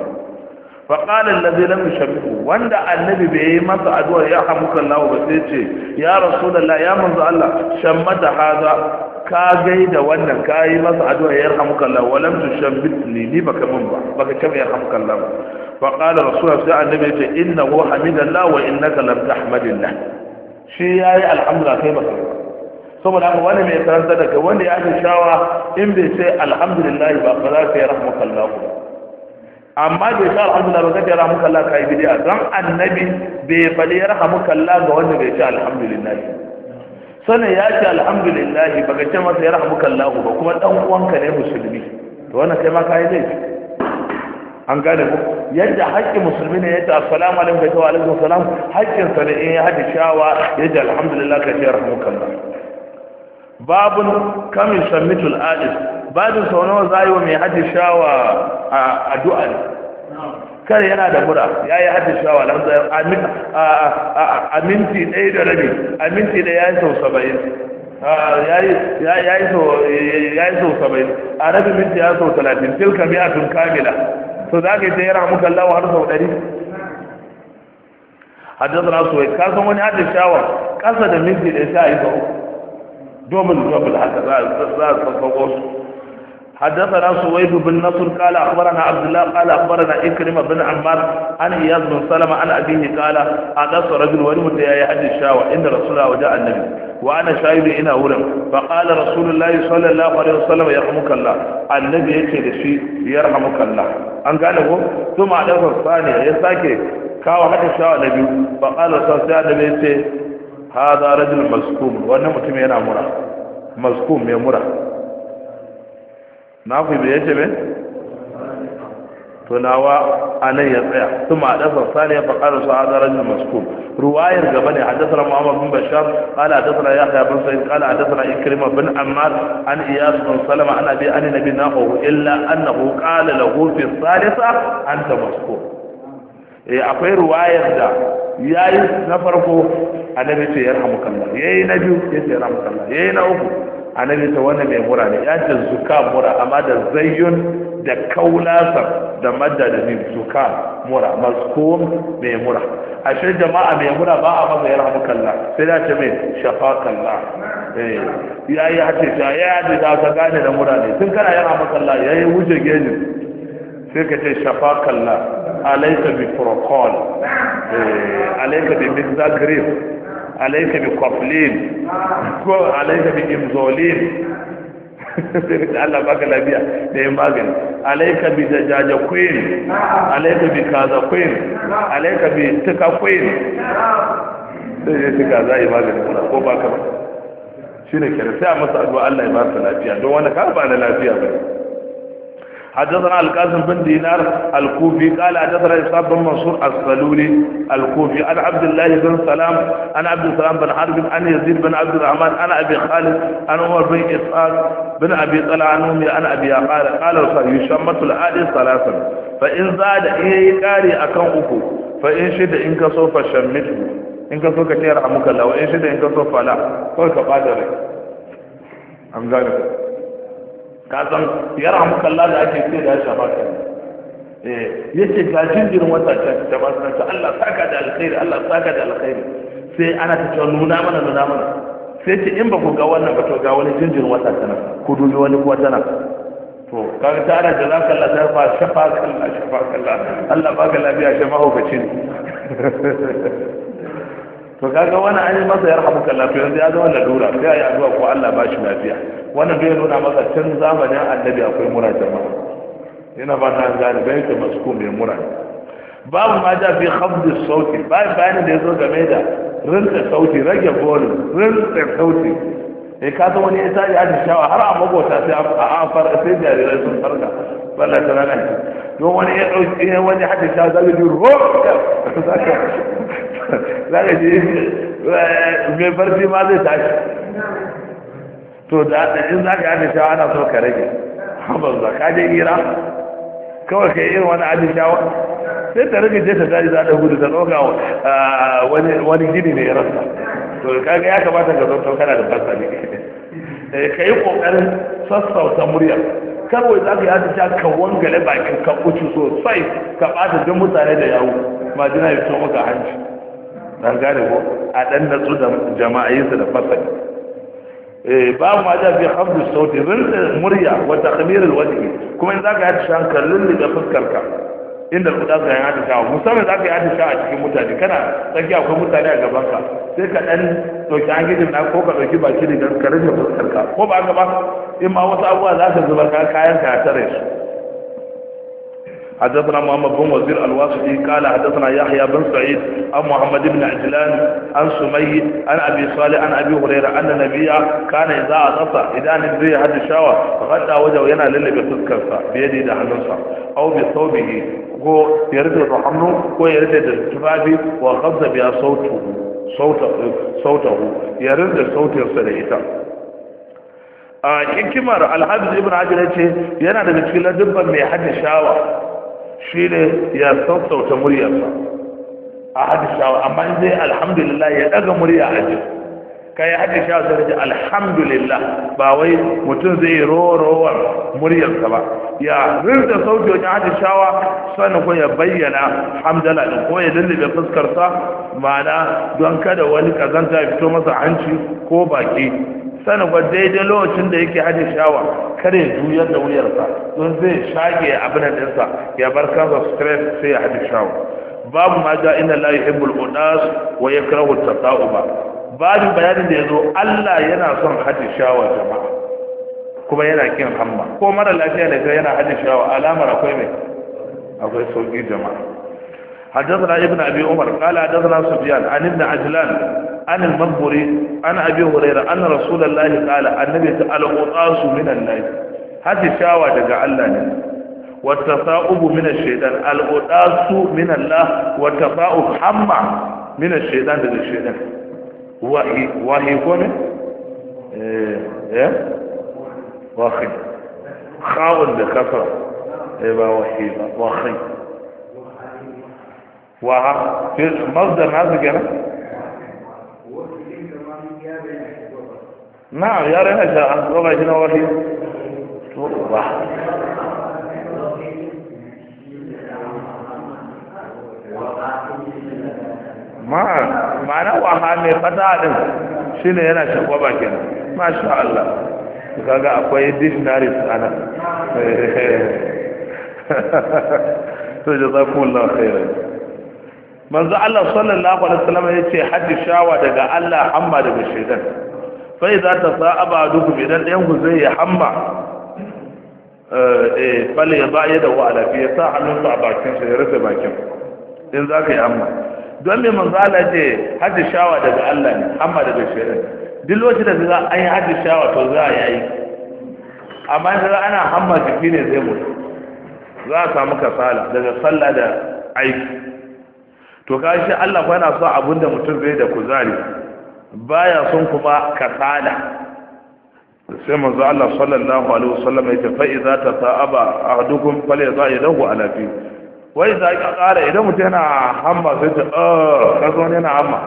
فقال الذي لم يشبهه وند النبي بي مسا ادوا يا حمك الله وسيتي يا رسول ya يا Allah. Shan mata haza ka gai da wannan ka yi masa addu'a ya yarhamuka Allah walam tushabbitni ni baka min ba baka kama yarhamuka Allah fa qala rasulullah sai annabi ce, yace innahu hamidallah wa innaka lam tahmadillah shi yayi alhamdulillah kai baka saboda haka wani mai karanta daga wanda ya fi shawa in bai sai alhamdulillah ba ba za ka yarhamuka Allah ba amma bai sa alhamdulillah ba kace rahmukallah kai bidiya dan annabi bai fali rahmukallah ga wanda bai ce alhamdulillah sanin ya ce alhamdulillah baka ce masa ya rahmukallah ba kuma dan uwanka ne musulmi to wannan kai ma kai laifi an gane ku yadda haƙƙin musulmi ne yadda assalamu alaikum kai wa alaikum salam haƙƙin sa ne in ya hadi shawa ya yadda alhamdulillah kai ya rahmukallah babun kam yusammitul adis babin sau nawa za yi wa mai shawa a addu'a ne kar yana da mura ya yi shawa a minti ɗaya da rabi a minti ɗaya ya yi sau saba'in ya yi sau saba'in a rabi minti ya sau talatin tilka tun kamila to za ka yi ta yana muka lawa har sau ɗari حدثنا سويد كان وني هذا da قصد من yi sau. domin domin haka za a لا تفوقوا حدثنا سويد بن نصر قال أخبرنا عبد الله قال أخبرنا إكرمة بن عمار عن إياس بن سلمة عن أبيه قال حدث رجل ولمت يا أحد الشاوى إن رسول الله وجاء النبي وأنا شاهد إنا أولم فقال رسول الله صلى الله عليه وسلم يرحمك الله النبي يكي لشيء يرحمك الله أن قاله ثم حدث الثانية يساكي كاو حتى الشاوى نبي فقال رسول الله النبي هذا رجل مسكوم وأنه متمينا مرة مسكوم يا مرة na ku bai yace bai tunawa a nan ya tsaya kuma a ɗasar saniya fa ƙara su hadarar da maskul ruwayar gaba ne haddasana muhammad bin bashar qala haddasana yahya bin sa'id qala haddasana ikrima bin ammar an iyas bin salama ana bi an nabi nahu illa annahu qala lahu fi salisa anta maskul eh akwai ruwayar da yayi na farko annabi ce yarhamukallah yayi na biyu yace yarhamukallah yayi na uku annabi ta wannan mai mura ne ya ce zuka mura amma da zayyun da kaulasa da madda da mai zuka mura maskum mai mura a shi jama'a mai mura ba a maza yara kalla sai da ce mai shafa kalla ya yi hace ta ya yi da ta gane da mura ne tun kana yara kalla ya yi wuce gejin sai ka ce shafa kalla alaika bi protocol alaika bi mixagrif alaika bi kwaflin? ko alaika bi imzolin sai [LAUGHS] da Allah baka lafiya da yin magani alaika bi dajaja queen alaika bi kaza queen alaika bi tuka queen sai ya tuka za a yi magani ko baka ba shi ne kira sai a masa addu'a Allah ya ba su lafiya don wani ka ba na lafiya ba حدثنا القاسم بن دينار الكوفي قال حدثنا إسحاق بن منصور الصلولي الكوفي عن عبد الله بن سلام عن عبد السلام بن حرب عن يزيد بن عبد الرحمن عن أبي خالد عن عمر بن إسحاق بن أبي طلع عن أمي عن أبي قال قال يشمت الآل ثلاثا فإن زاد إيه كاري أكن فإن شد إن كسوف شمته in ka so ka ce rahamuka lawa in shida in ka so fala kawai ka bada rai an gane ka san ya ramu kalla da ake ce da ya shafa ka eh, ya ce ga jinjirin wata ta ta ba ta Allah saka da alkhairi Allah saka da alkhairi sai ana ta cewa nuna mana nuna mana sai ce in ba ku ga wannan ba to ga wani jinjirin wata tana ku dubi wani kuwa tana to kaga ta ana jazaka Allah ta fa shafa kalla shafa kalla Allah baka lafiya shafa hukaci ne [LAUGHS] to kaga wani an yi masa yarhamuka hamu kalla to yanzu ya zama lalura sai ayi addu'a ko Allah ba shi lafiya wani bai nuna masa tun zamanin annabi akwai mura jama'a yana ba ta gane bai ta masku mai mura babu ma da fi khabdi sauti bayan bayanin da yazo game da rinka sauti rage volume rinka sauti e ka zo ne sai ya ji shawa har a magota sai a afar sai da jarirai sun farka wallahi ta nan don wani ya dauki wani hadin ta zaka ji ro za ka ji mai farfi ma zai tashi to da in za ka yi shawa ana so ka rage haɓar za ka je gira kawai ka yi irin wani abin shawa sai ta rage je ta tashi za ta gudu ta ɗauka ah, wani gini ne ya rasa to kaga ya kamata ka zonto kana da fasali eh, ka yi ƙoƙarin sassauta murya kawai za ka yi atisha ka wangale bakin ka kuci sosai ka ɓata don mutane da yawo majina ya fito maka hanci Na gane ko a dan su da jama'ayinsa da fasali eh, babu ma da bi hamdu sauti rinsa murya wa takmir alwajhi kuma in zaka yi shankar kallon da fuskar ka inda ku zaka yi hada shawa musamman zaka yi hada shawa a cikin mutane kana tsaki akwai mutane a gaban ka sai ka dan ɗauki, an gidin na ko ka dauki baki da ka fuskar ka ko ba ka ba in ma wasu abubuwa zaka zubar ka kayan ka tare su حدثنا محمد بن وزير الواسطي قال حدثنا يحيى بن سعيد عن محمد بن عجلان عن سمي عن ابي صالح عن ابي هريره ان النبي كان اذا عطس اذا نزل حد الشاور غدا وجهه yana lallabe fuskarsa biyade da hannunsa aw bi thawbihi ko ya da hannu ko ya rufe da tufafi wa ghadda biya ya da ita a hikimar alhaji ibn ne ce yana daga cikin ladabban mai hadda shawa shi ne ya sassauta muryarsa a hadishawa amma in zai alhamdulillah ya daga murya a ji ka yi hadishawa sai ji alhamdulillah ba wai mutum zai yi rorowar muryarsa ba ya rinta sauki wajen hadishawa sannan ko ya bayyana hamdala da ko ya lullube fuskarsa ma'ana don kada wani kazanta ya fito masa hanci ko baki sanagwa daidai lokacin da yake hajji shawa kare juyar da wuyarsa don zai shage abin ɗinsa ya bar kansa stress sai ya hajji shawa babu ma ja inna la ibul unas wa yakrahu sa'u ba. babu bayanin da yazo Allah yana son hajji shawa jama'a kuma yana kin hamma ko mara lafiya ne yana hajji shawa alamar akwai mai akwai sauki jama'a حدثنا ابن أبي عمر قال حدثنا سفيان عن ابن عجلان عن المنبري عن أبي هريرة أن رسول الله قال النبي الغطاس من الليل هذه شاوى دقى الله والتصاؤب من الشيطان الغطاس من الله والتصاؤب حمى من الشيطان دقى الشيطان وهي وهي كونه ايه ايه واخي خاون بكثرة ايه وهي واخي وها فيش مصدر هذا كده نعم يا رينا شاء الله الله وحي ما ما انا وهاني فتا دين شنو yana shakwaba kenan ما شاء الله kaga akwai dictionary sana to jazakumullahu خير manzo Allah sallallahu alaihi wasallam yace haddi shawa daga Allah amma daga shaytan fa idza tasaba duku idan ɗayan ku zai ya hamma eh, eh bal ya ba ya da wa ala fi sa hannun sa bakin shi ya rufe bakin in zaka yi amma don me manzo Allah yace haddi shawa daga Allah ne amma daga shaytan duk lokacin da za a yi haddi shawa to za a yi amma idan ana hamma jiki ne zai mutu za a samu kasala daga sallah da aiki to kashi Allah ba yana son abin da mutum zai da kuzari baya son kuma kasala sai manzo Allah sallallahu alaihi wasallam yace fa idza tata'aba ahadukum falyadha yadahu ala fi wa idza qara idan mutum yana hamma sai ta ah kazo ne yana hamma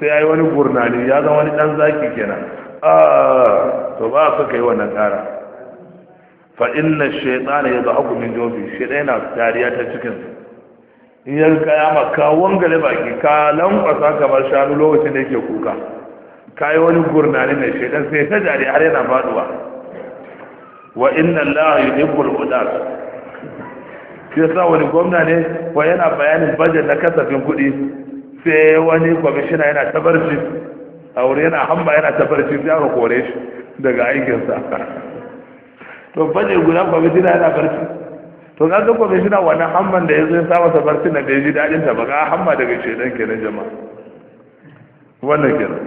sai yayi wani gurnani ya zama wani dan zaki kenan ah to ba ka kai wannan tsara fa inna shaytana yadhaku min jawfi shaytana tariya ta cikin in kaya kayama ka wangale baki ka lankwasa kamar shanu lokacin da yake kuka ka yi wani gurnani mai shaidan sai ta jari har yana faduwa wa inna allaha yuhibbul mudas sai sa wani gwamna ne wa yana bayanin bajet na kasafin kuɗi sai wani kwamishina yana tabarci a wuri yana hamba yana tabarci sai aka kore shi daga aikinsa to bajet guda kwamishina yana barci to ga ga shina wani hamman da ya ya sa masa barci na bai ji daɗin ta ba ga hamma daga shedan kenan jama'a wannan kenan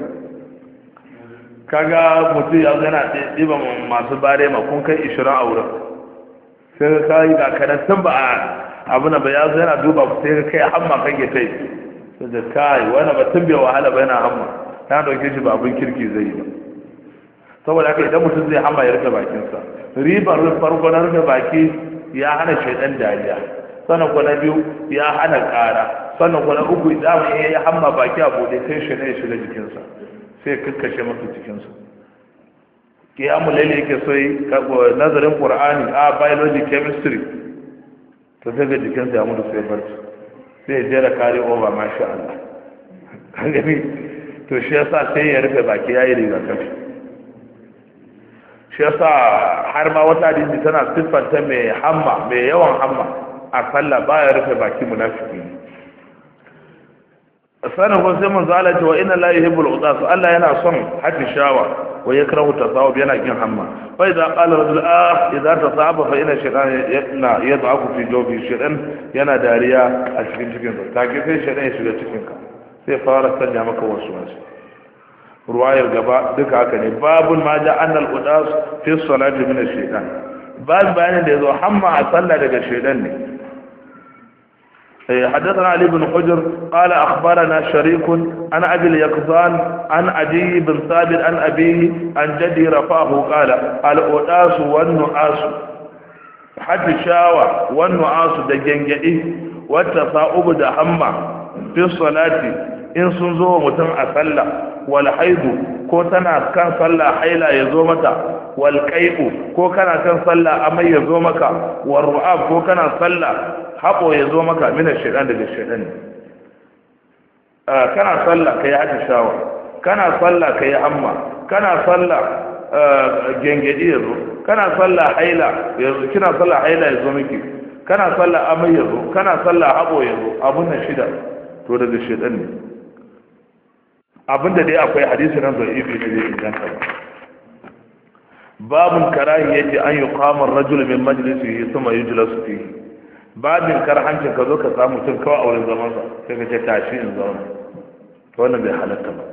kaga mutum ya gana diba masu bare ma kun kai ishirin a wurin sai ka kai ga kanan san ba abu na ba ya zo yana duba ku sai ka kai hamma kan ya tai sai da kai wani ba tun bai wahala ba yana hamma na dauke shi ba abin kirki zai yi ba saboda haka idan mutum zai hamma ya rufe bakinsa ribar farko na rufe baki ya hana shaidan dariya sannan kwana biyu ya hana kara sannan kwana uku idan ya yi hamma baki a bude sai shaidan ya shiga jikinsa sai kakkashe masa jikinsa kiyamu laili yake so nazarin qur'ani a biology chemistry ta sai ga jikinsa ya mutu sai barci sai ya da kare over masha Allah gani to shi yasa sai ya rufe baki ya yi rigakafi shi yasa har ma wata hadisi tana siffanta mai hamma mai yawan hamma a sallah baya rufe baki munafiki sanin kun sai manzo Allah ce wa inna la yuhibbul udas Allah yana son shawa wa yakrahu tasawub yana kin hamma fa idza qala rajul ah idza tasawaba fa inna shaytan yana yad'aku fi jawfi shaytan yana dariya a cikin cikin ka sai shaytan ya shiga cikin ka sai fara sanya maka wasu wasu ruwayar gaba duka haka ne babun ma ja annal udas fi salati min ash-shaytan bab bayanin da yazo hamma a sallah daga shaytan ne حدثنا علي بن حجر قال أخبرنا شريك عن أبي اليقظان عن أبي بن ثابت عن أبيه عن جدي رفاه قال القداس والنعاس حد شاوى والنعاس دجنجئي والتصاؤب دهما في الصلاة in sun zo wa mutum a sallah wal haidu ko tana kan sallah haila ya zo mata wal qai'u ko kana kan sallah amai ya zo maka war ru'ab ko kana sallah habo ya zo maka min shaytan daga shaytan ah, kana sallah kai haka shawa kana sallah kai amma kana sallah ah, gengedi ya zo kana sallah haila ya zo kina sallah haila ya zo miki kana sallah amai ya zo kana sallah habo ya zo abun nan shida to daga shaytan ne abinda dai akwai hadisi nan zai ibi ne zai inganta ba babun karahi yace an yi ar-rajul min majlisihi thumma yujlasu fihi babin karhancin ka zo ka samu tun kawai a wurin zaman sa sai ka ce tashi in zauna to wannan bai halatta ba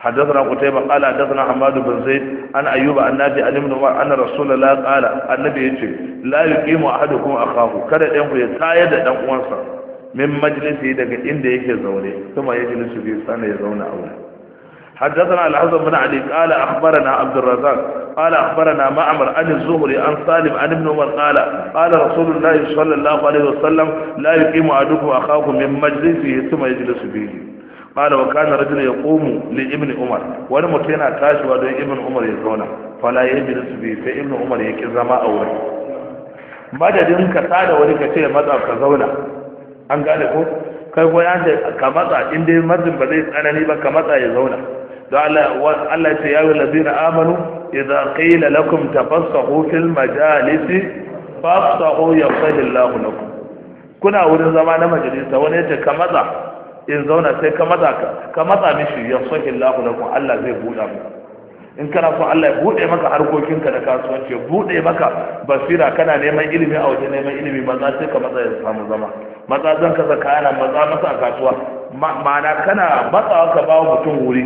حدثنا قتيبة قال حدثنا حماد بن زيد عن أيوب عن نافع عن ابن عمر أن رسول الله قال النبي يقول لا يقيم أحدكم أخاه كذا ينقل يتايد أن أنصر min majlisi daga inda yake zaune kuma ya jilisu bi sana ya zauna a wurin حدثنا الحسن بن علي قال أخبرنا عبد الرزاق قال أخبرنا معمر عن الزهري عن سالم عن ابن عمر قال قال رسول الله صلى الله عليه وسلم لا يقيم أحدكم أخاه من مجلسه ثم يجلس به قال وكان رجل يقوم لابن عمر وانا متينا تاشي ودو ابن عمر يزونا فلا يجلس به فابن عمر يكي زما أول madadin ka tada wani ka ce maza ka zauna an gane ko kai ko ya ce ka matsa in dai matsin ba zai tsanani ba ka matsa ya zauna don Allah ce ya yi lazina amanu idza qila lakum tafassahu fil majalisi fafsahu yafsahillahu lakum kuna wurin zama na majalisa wani ya ce ka matsa in zauna sai ka matsa ka matsa mishi yafsahillahu lakum Allah zai buɗa muku in kana so Allah ya buɗe maka harkokinka da kasuwanci ya buɗe maka basira kana neman ilimi a waje neman ilimi ba za sai ka matsa ya samu zama matsa zan kasa kayana matsa masa a kasuwa ma'ana kana matsawa ka bawa mutum wuri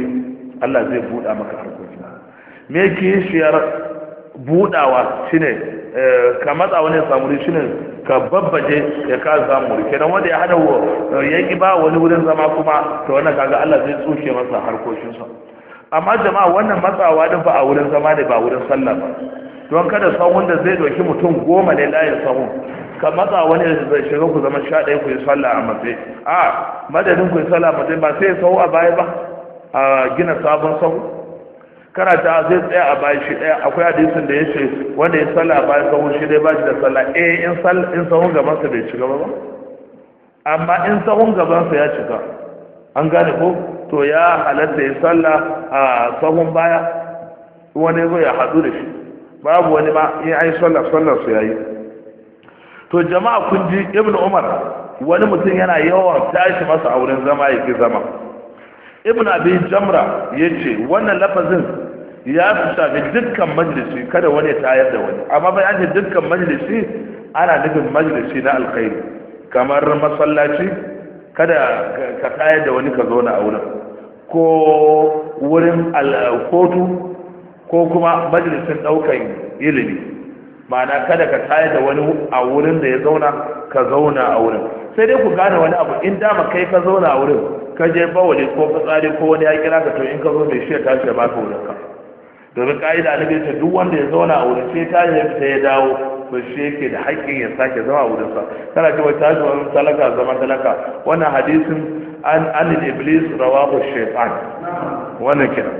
Allah zai buɗa maka harkokin me kishiyar buɗawa shine eh, ka matsa wani samuri shine ka babbaje ya ka samuri kenan wanda ya hada wa yanki ba wani wurin zama kuma to wannan kaga Allah zai tsuke masa harkokinsa amma jama'a wannan matsawa din ba a wurin zama ne ba wurin sallah ba don kada sahun da zai doki mutum goma ne layin sahun ka matsa wani da zai shiga ku zama sha ɗaya ku yi sallah a matse a madadin ku yi sallah a matse ba sai sahu a baya ba a gina sabon sahu kana ta zai tsaya a baya shi ɗaya akwai hadisin da ya ce wanda ya sallah a baya sahun shi dai ba shi da sallah eh in sahun gabansa bai shiga ba ba amma in sahun gabansa ya shiga an gane ko to ya halatta ya salla a tsohon baya wani zo ya haɗu da shi babu wani ma in ai sallar sallar su yayi to jama'a kun ji ibnu umar wani mutum yana yawan tashi masa a wurin zama ya ki zama ibnu abi jamra ce, wannan lafazin ya su shafi dukkan majalisi kada wani ya tayar da wani amma bai an ce dukkan majalisi ana nufin majalisi na alkhairi kamar masallaci kada ka tsayar da wani ka zo na wurin ko wurin kotu ko kuma majalisun daukan ilimi ma'ana kada ka tsayar da wani a wurin da ya zauna ka zauna a wurin sai dai ku gane wani abu in dama kai ka zauna a wurin ka je bawali ko fitsari ko wani ya kira ka to in ka zo mai shi ya tashi ya baka wurin ka domin ka'ida na bai duk wanda ya zauna a wurin sai ta ya ya dawo to shi yake da haƙƙin ya sake zama a wurinsa kana cewa tashi wani talaka zama talaka wannan hadisin an iblis rawahu shaytan wannan kenan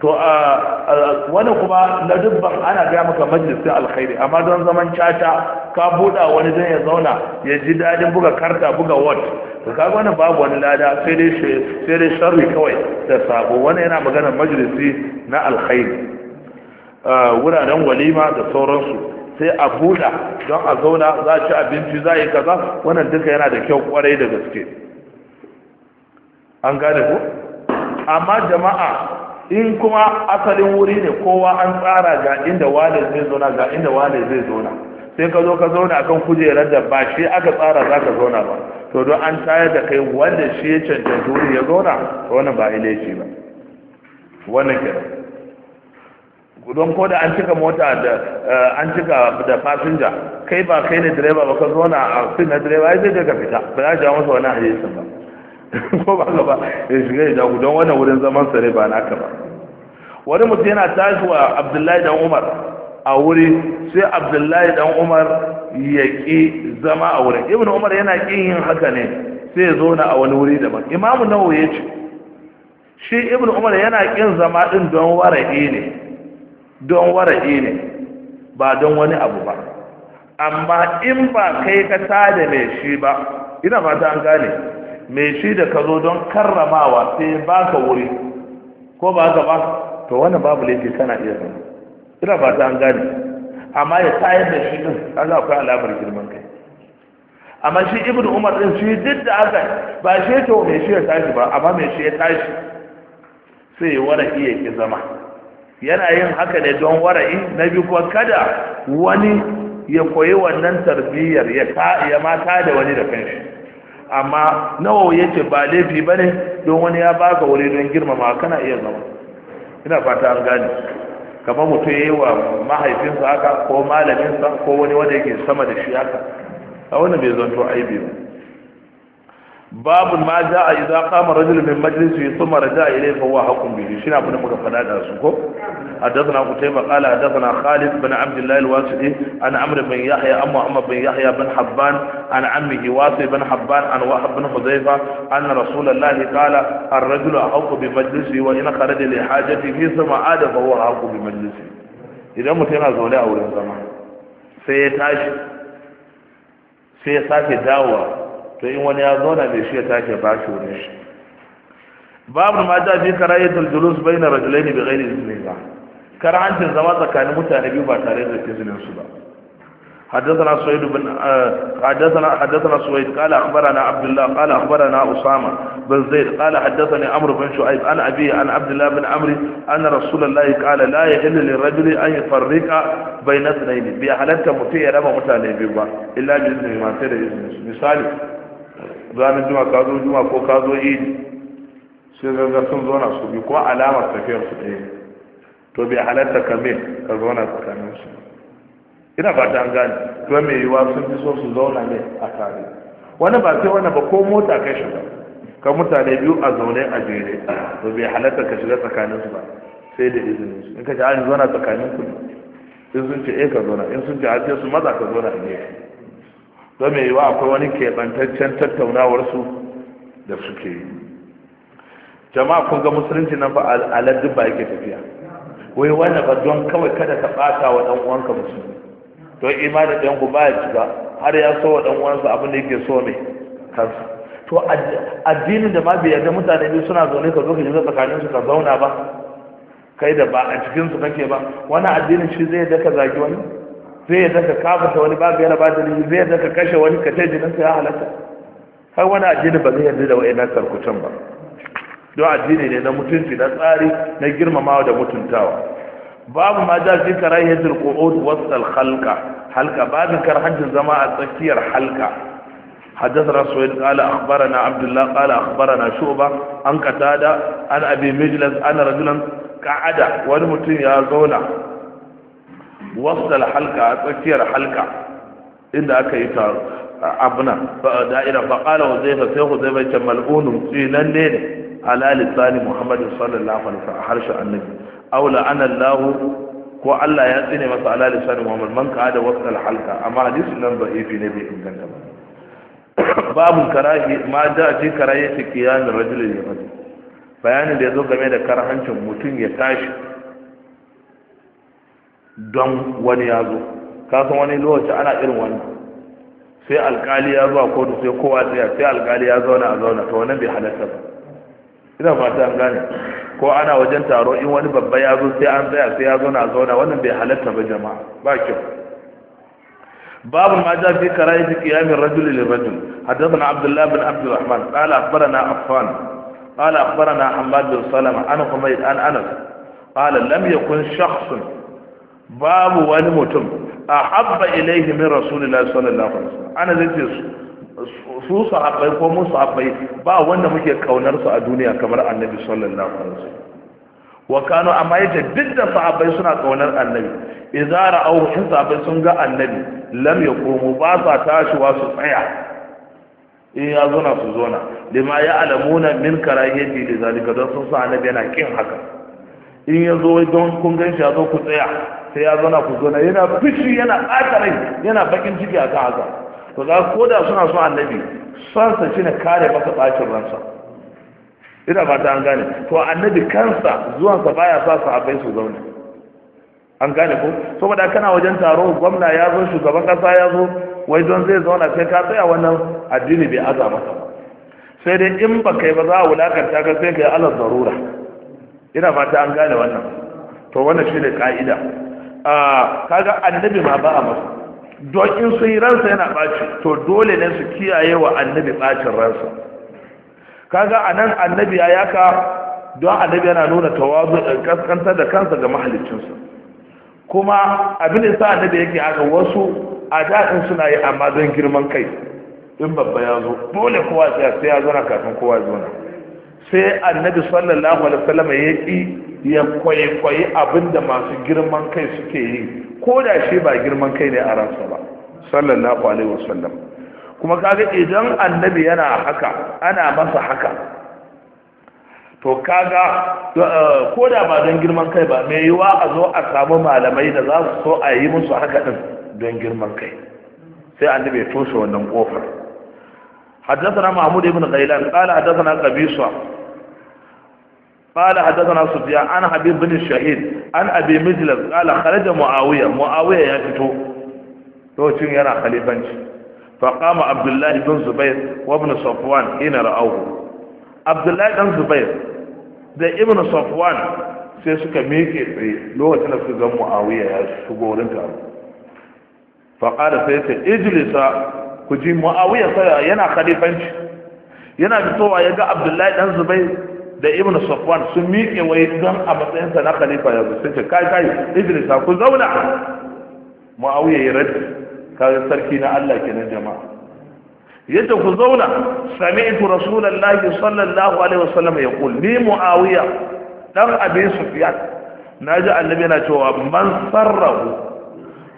to a wani kuma na dubban ana gaya maka majalisun alkhairi amma don zaman caca ka buɗa wani don ya zauna ya ji dadin buga karta buga wat to ka wani babu wani lada sai dai sai dai sharri kawai da sabo wani yana magana majalisi na alkhairi wuraren walima da sauransu sai a buɗa don a zauna za a ci abinci za a yi kaza wannan duka yana da kyau kwarai da gaske an gane ku. amma jama'a in kuma asalin wuri ne kowa an tsara ga inda wane zai zauna ga inda wane zai zauna sai ka zo ka zauna akan kujerar da ba shi aka tsara za ka zauna ba to don an tayar da kai wanda shi ya cancanta wuri ya zauna wannan ba ilaici ba wannan kenan don ko da an cika mota da eh, an cika da fasinja kai ba kai ne direba ba ka zona a fin na direba ai zai daga fita ba za jawo masa wani hadisin ba [LAUGHS] ko ba ka ba ya shiga ya jago don wannan wurin zaman sare ba naka ba wani mutum yana tashi wa abdullahi dan umar a wuri sai abdullahi dan umar ya ƙi zama a wurin ibn umar yana ƙin yin haka ne sai zo na a wani wuri daban imamu nawawi ya ce shi ibn umar yana ƙin zama din don wara'i ne don wara'i ne ba don wani abu ba amma in ba kai ka tada mai shi ba ina fata an gane mai shi da ka zo don karramawa sai ba ka wuri ko ba ka ba to wani babu laifi kana iya zama ina fata an gane amma ya tayar da shi din za akwai alamar girman kai amma shi Ibn umar din shi duk da aka ba shi to mai shi ya tashi ba amma mai shi ya tashi sai ya wara iya ki zama yana yin haka ne don wara'i na bi kuwa kada wani ya koyi wannan tarbiyyar ya mata da wani da kanshi amma nawa ya ce ba laifi ba ne don wani ya ba ga wuri don girmama kana iya zama ina fata an gane kamar mutum ya yi wa mahaifinsa haka ko malaminsa ko wani wanda yake sama da shi haka a wani bai zanto aibi ba babu ma ja'a a qama rajul min majlisi thumma raja'a a fa huwa haqqun bihi shi na abin muka fada da su ko a haddathana qutayba qala haddathana khalid bin abdullah al-wasiti an amr bin yahya amma amma bin yahya bin habban an ammihi wasi bin habban an wahab bin hudayfa anna rasulullah an ar a haqqu bi majlisi wa in kharaja li hajati fi sama ada fa huwa haqqu bi majlisi idan mutum yana zaune a wurin zama sai ya tashi sai ya sake dawowa sai wani ya zauna mai shi ya take ba shi wani shi babu ma da bi karayatul julus bayna rajulaini bi ghairi iznillah karhancin zama tsakanin mutane biyu ba tare da izinin su ba حدثنا سويد بن حدثنا حدثنا سويد قال اخبرنا عبد الله قال اخبرنا اسامه بن زيد قال حدثني عمرو بن شعيب عن ابي عن عبد الله بن عمرو ان رسول الله قال لا يحل للرجل ان يفرق بين اثنين بحالته متي ربا متانه بيوا الا باذن ما سيد مثال ranar juma ka zo juma ko ka zo idi sai zanga sun zauna su bi ko alamar tafiyar su ɗaya to bai halatta ka me ka zauna tsakanin su ina ba ta an gane to mai yiwa sun fi so su zauna ne a tare wani ba sai wani ba ko mota ka shiga ka mutane biyu a zaune a jere to bai halatta ka shiga tsakanin su ba sai da izinin su in ka ji an zauna tsakanin ku in sun ce eh ka zauna in sun ce a ce su maza ka zauna a gefe don mai yiwa akwai wani keɓantaccen su da suke yi jama'a kun ga musulunci nan fa aladdu ba yake tafiya wai wani ba don kawai kada ka ɓata wa ɗan uwanka musulmi don da ɗan ku baya cika har ya so wa ɗan uwansa abin da yake so ne kansa to addinin da ma bai yarda mutane biyu suna zaune ka zo ka shiga tsakanin su ka zauna ba kai da ba a cikin su kake ba wani addinin shi zai yadda ka zagi wani zai yadda ka kafata wani babu yana ba dalili zai yadda ka kashe wani ka ce jinin sai halaka har wani addini ba zai yadda da wa'ina karkucin ba don addini ne na mutunci na tsari na girmamawa da mutuntawa babu ma ja fi karahiyatul qu'ud wasal halka halka babin karhancin zama a tsakiyar halka حدثنا سويد قال أخبرنا عبد الله قال أخبرنا شعبة عن قتادة عن أبي مجلس أنا رجلا قعد ونمتن يا زونا wasal halka a tsakiyar halka inda aka yi taro abuna da'ira faƙala wa zai sai ku zai bai ce mal'unun tsinan ne ne ala lisani muhammadin sallallahu alaihi wasallam harshen annabi aula anallahu ko Allah ya tsine masa ala lisani muhammad man ka da wasal halka amma hadisin nan ba ifi ne bai inganta ba babu karahi ma da ji karahi ta kiyamin rajulun yamani bayanin da ya zo game da karhancin mutum ya tashi don wani ya zo kasan wani lokaci ana irin wani sai alkali ya zo a kotu sai kowa tsaya sai alkali ya zauna a zauna to wannan bai halatta ba ina fata an gane ko ana wajen taro in wani babba ya zo sai an tsaya sai ya zauna a zauna wannan bai halatta ba jama'a ba kyau Babu باب ما جاء في كراهية قيام الرجل للرجل حدثنا عبد الله بن عبد الرحمن قال أخبرنا عفان قال أخبرنا حماد بن سلمة عن حميد عن أنس قال لم يكن شخص babu wani mutum a habba ilaihi min rasulullahi sallallahu alaihi wasallam ana zai su sahabbai ko mu sahabbai ba wanda muke kaunar su a duniya kamar annabi sallallahu alaihi wasallam wa kanu amma yadda duk da sahabbai suna kaunar annabi idza ra'aw in sahabbai sun ga annabi lam yaqumu ba sa tashi wa su tsaya in ya zo na su zo na lima ya alamuna min karahiyati li zalika don sun sa annabi yana kin haka in ya zo don kun ganshi ya zo ku tsaya sai ya na ku na yana fishi yana ɓata rai yana bakin ciki a kan haka to za ko da suna son annabi shi ne kare masa ɓacin ransa ina ta an gane to annabi kansa zuwansa baya sa su sahabbai su zauna an gane ko saboda kana wajen taro gwamna ya zo shugaban kasa ya zo wai don zai zauna sai ka tsaya wannan addini bai aza masa ba sai dai in ba kai ba za a wulakanta ka sai kai ala zarura ina fata an gane wannan to wannan shine ka'ida kaga annabi ma ba a masu don in sun yi ransa yana ɓaci to dole ne su kiyaye wa annabi ɓacin ransa kaga a nan annabi ya yaka don annabi yana nuna tawazu eh, kaskantar da kansa ga mahaliccinsa kuma abin da sa annabi yake haka wasu a daɗin suna yi amma don girman kai in babba ya zo dole kowa sai ya zo na kafin kowa zo na sai annabi sallallahu alaihi wasallam ya yi ya kwaikwayi abin da masu girman kai suke yi ko da shi ba girman kai ne a ransa ba sallallahu alaihi wasallam kuma kaga idan annabi yana haka ana masa haka to kaga eh, ko da ba don girman kai ba mai yiwa a zo a samu malamai da za su so a yi musu haka din don girman kai sai annabi ya toshe wannan kofar حدثنا محمود بن غيلان قال حدثنا قبيصة قال حدثنا سفيان عن حبيب بن الشهيد عن ابي مجلس قال خرج معاويه معاويه يا فتو لوكين yana khalifanci فقام عبد الله بن زبير وابن صفوان حين راوه عبد الله بن زبير da ibn safwan sai suka miƙe tsaye lokacin da suka muawiya ya shigo wurin ta fa sai ta ku ji muawiya sai yana khalifanci yana fitowa ya ga abdullahi dan zubair da ibn safwan sun miƙe wai don a matsayinsa na khalifa ya sun ce kai kai idrisa ku zauna muawiya ya raddi kaga sarki na Allah kenan jama'a yadda ku zauna sami'tu rasulullahi sallallahu alaihi wasallam yaqul ni muawiya dan abi sufyan naji annabi yana cewa man sarrahu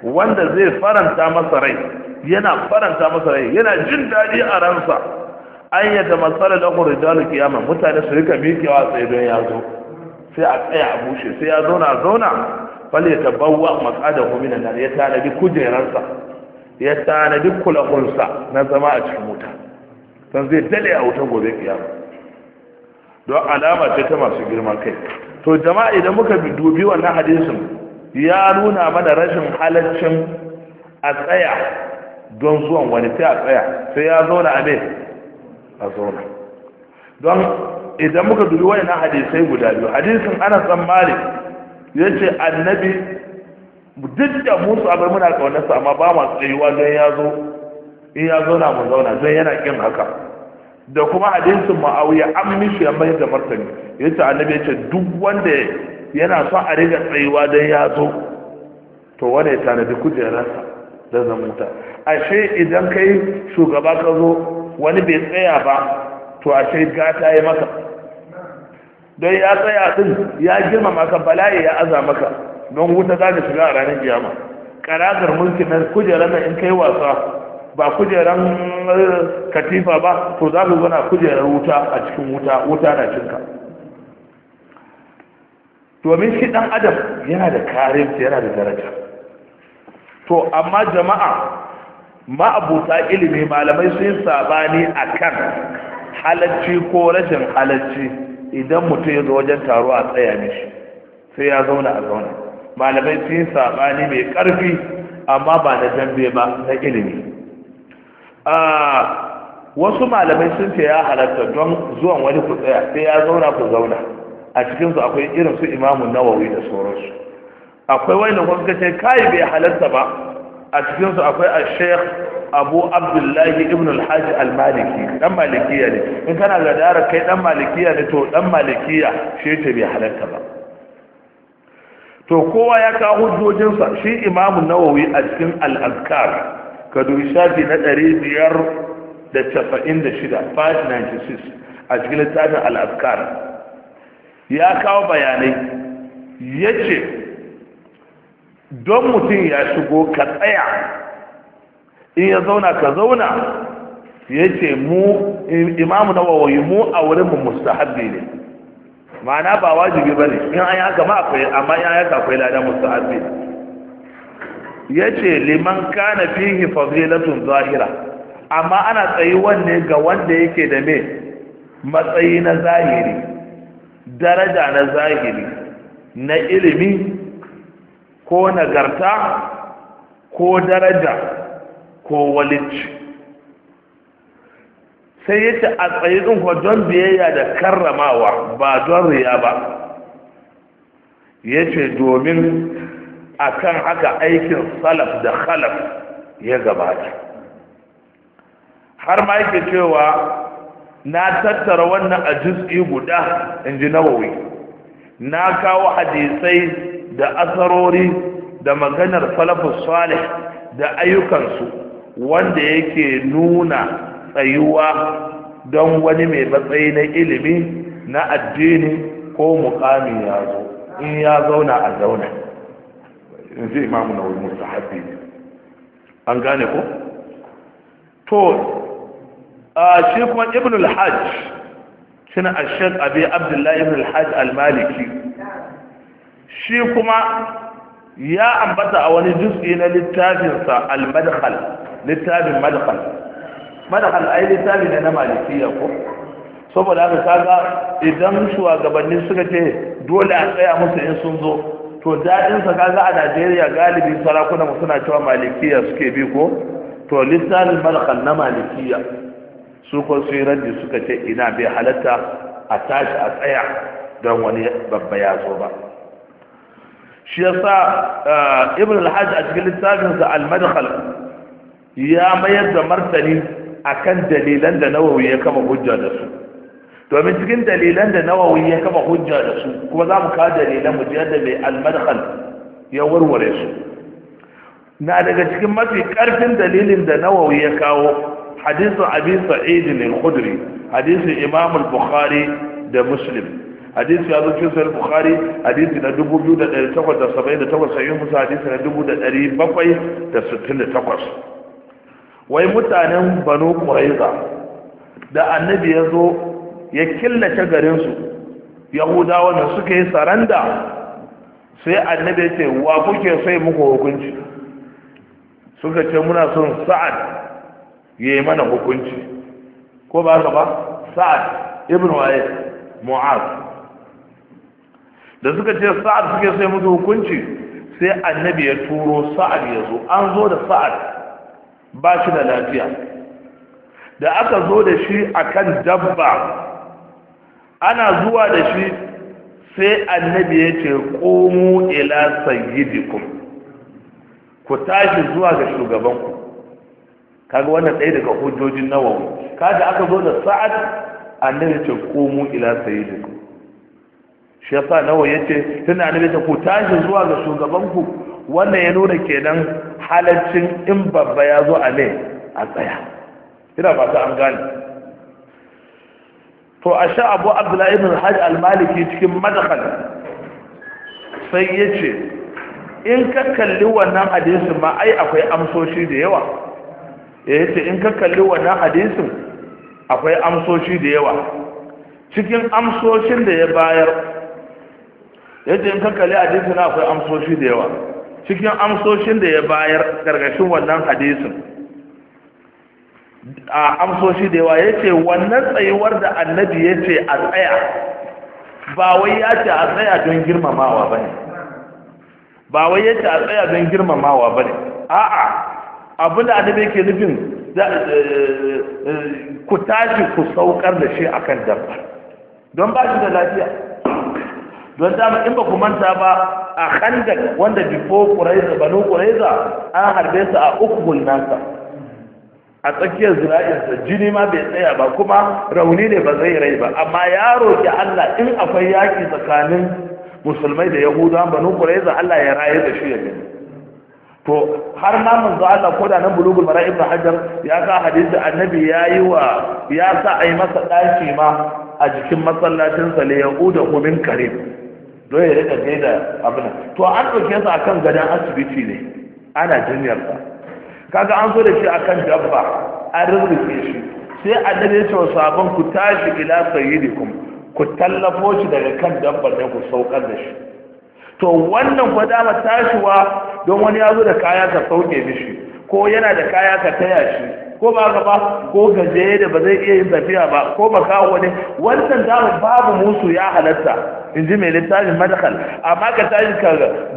wanda zai faranta masa rai yana faranta masa rai yana jin dadi a ransa an yadda matsalar da kuma rijalu kiyama mutane su rika mikewa tsaye don ya zo sai a tsaya a bushe sai ya zauna zauna fal ya tabawwa maqada da minan ya tanadi kujeransa ya tanadi kulahunsa na zama a cikin wuta don zai dale a wutan gobe kiyama don alama ce ta masu girma kai to jama'a idan muka bi dubi wannan hadisin ya nuna mana rashin halaccin a tsaya don zuwan wani sai a tsaya sai ya zauna a mai a zauna don idan muka dubi wani na hadisai guda biyu hadisin ana san malik ya ce annabi duk da musu abin muna kaunarsa amma ba ma tsayuwa don ya zo in ya zauna mu zauna don yana kin haka da kuma hadisin ma'auya an mishi ya mai da martani ya ce annabi ya ce duk wanda yana son a riga tsayuwa don ya zo to wani ya tanadi kujerarsa da zamanta ashe idan kai shugaba ka zo wani bai tsaya ba to a ashe gata yi maka don ya tsaya din ya girma maka bala'i ya aza maka don wuta za ka shiga a ranar jiyama karagar mulkin na kujerar na in kai wasa ba kujerar eh, katifa ba to za ku zana kujerar wuta a cikin wuta wuta na cinka domin shi dan adam yana da karimta yana da daraja to amma jama'a ma'abuta ilimi malamai sun sabani a kan halacci ko rashin halacci idan mutum ya zo wajen taro a tsaya mishi sai ya zauna a zauna malamai sun sabani mai karfi amma ba na dambe ba na ilimi wasu malamai sun ce ya halatta don zuwan wani ku tsaya sai ya zauna ku zauna a cikinsu akwai irin su imamun nawawi da sauransu akwai wani da kuma kai bai halarta ba a cikinsu akwai a sheikh abu abdullahi ibn al-hajj al-maliki dan malikiya ne in kana ga dara kai dan malikiya ne to dan malikiya shi ta bai halarta ba to kowa ya kawo hujjojinsa shi imamu nawawi a cikin al-azkar ka dubi shafi na 596 596 a cikin littafin al-azkar ya kawo bayanai yace don mutum ya shigo ka tsaya in ya zauna ka zauna ya ce mu imamu na wawayi mu a wurin mu mustahabbi ne ma'ana ba wajibi ba ne in an yi haka amma in an yi haka akwai ladan mustahabbi ya ce liman kana fihi fadilatun zahira amma ana tsayi wanne ga wanda yake da me matsayi na zahiri daraja na zahiri na ilimi ko nagarta ko daraja ko walici sai ya ce a tsaye ɗin don biyayya da karramawa ba don riya ba ya ce domin a kan haka aikin salaf da khalaf ya gabata har ma yake cewa na tattara wannan a jiski guda in ji nawawi na kawo hadisai da asarori da maganar salafus salih da ayyukansu wanda yake nuna tsayuwa don wani mai matsayi na ilimi na addini ko mukami ya zo in ya zauna a zauna in zai imamu na wani mustahabi an gane ko to a shi kuma ibn al-hajj suna ashek abi abdullahi ibn al-hajj al-maliki shi kuma ya ambata a wani jus'i na littafinsa al-madkhal littafin madkhal madkhal ai littafi ne na malikiya ko saboda haka kaga idan shugabanni suka ce dole a tsaya musu in sun zo to daɗin sa kaga a Najeriya galibi sarakuna mu suna cewa malikiya suke bi ko to littafin madkhal na malikiya su ko su raddi suka ce ina bai halatta a tashi a tsaya don wani babba ya zo ba shi yasa eh, ibn alhaji a cikin littafin sa ya mayar da martani a kan dalilan da nawawi ya kama hujja da su domin cikin dalilan da nawawi ya kama hujja da su kuma za mu kawo dalilan mu ji da mai al ya warware su na daga cikin mafi karfin dalilin da nawawi ya kawo hadisin abi sa'id al-khudri hadisin imam al-bukhari da muslim hadisi ya zo cikin sahih bukhari hadisi na 2878 sahih musa hadisi na 2768 wai mutanen banu quraiza da annabi ya zo ya killace garin su yahudawa ne suka yi saranda sai annabi ya ce wa kuke sai muku hukunci suka ce muna son sa'ad ya yi mana hukunci ko ba ka ba sa'ad ibn wa'id mu'az da suka ce sa'ad suke sai musu hukunci sai annabi ya turo sa'ad ya zo an zo da sa'ad ba shi da lafiya da aka zo da shi akan dabba ana zuwa da shi sai annabi ya ce komo ila sayyidikum ku tashi zuwa ga shugabanku kaga wannan ɗaya daga hujjojin nawawi kaga aka zo da sa'ad annabi ya ce komo ila sayyidikum shi yasa nawa yace tunda annabi ta ku tashi zuwa ga shugaban ku wannan ya nuna kenan halaccin in babba ya zo a ne a tsaya ina ba ta an gane to a sha abu abdullahi ibn hajj al-maliki cikin madkhal sai yace in ka kalli wannan hadisin ma ai akwai amsoshi da yawa eh, yace in ka kalli wannan hadisin akwai amsoshi da yawa cikin amsoshin da ya bayar yace in ka hadisi na akwai amsoshi da yawa cikin amsoshin da ya bayar gargashin wannan hadisin a amsoshi da yawa yace wannan tsayuwar da annabi ce a tsaya ba wai ya ce a tsaya don girmamawa ba ne, ba wai ya ce a tsaya don girmamawa ba ne, a'a abin da annabi ke nufin eh, eh, eh, ku tashi ku saukar da shi akan dabba don ba shi da lafiya don dama in ba ku manta ba a khandak wanda bifo ƙuraiza banu an harbe su a ukbul nasa a tsakiyar zira'insa jini ma bai tsaya ba kuma rauni ne ba zai rai ba amma ya roƙi Allah in akwai yaki tsakanin musulmai da yahudawa banu ƙuraiza, Allah ya raye da shi ya gani to har ma manzo Allah ko da nan bulugul mara ibnu hajar ya ka hadisi annabi yayi wa ya sa yi masa ɗaki ma a jikin masallacin sa le yahuda min karim don ya rika gaida abin to an ɗauke sa akan gadon asibiti ne ana jinyar sa kaga an zo da shi akan dabba an rurrufe shi sai a ya yace wasu sabon ku tashi ila kuma ku tallafo shi daga kan dabba ne ku saukar da shi to wannan kwa dama tashiwa don wani ya zo da kaya ka sauke mishi ko yana da kaya ka taya shi ko ba gaba ko gaje da ba zai iya yin tafiya ba ko ba kawo ne wannan dama babu musu ya halatta in ji mai littafin madakal amma ka tashi ka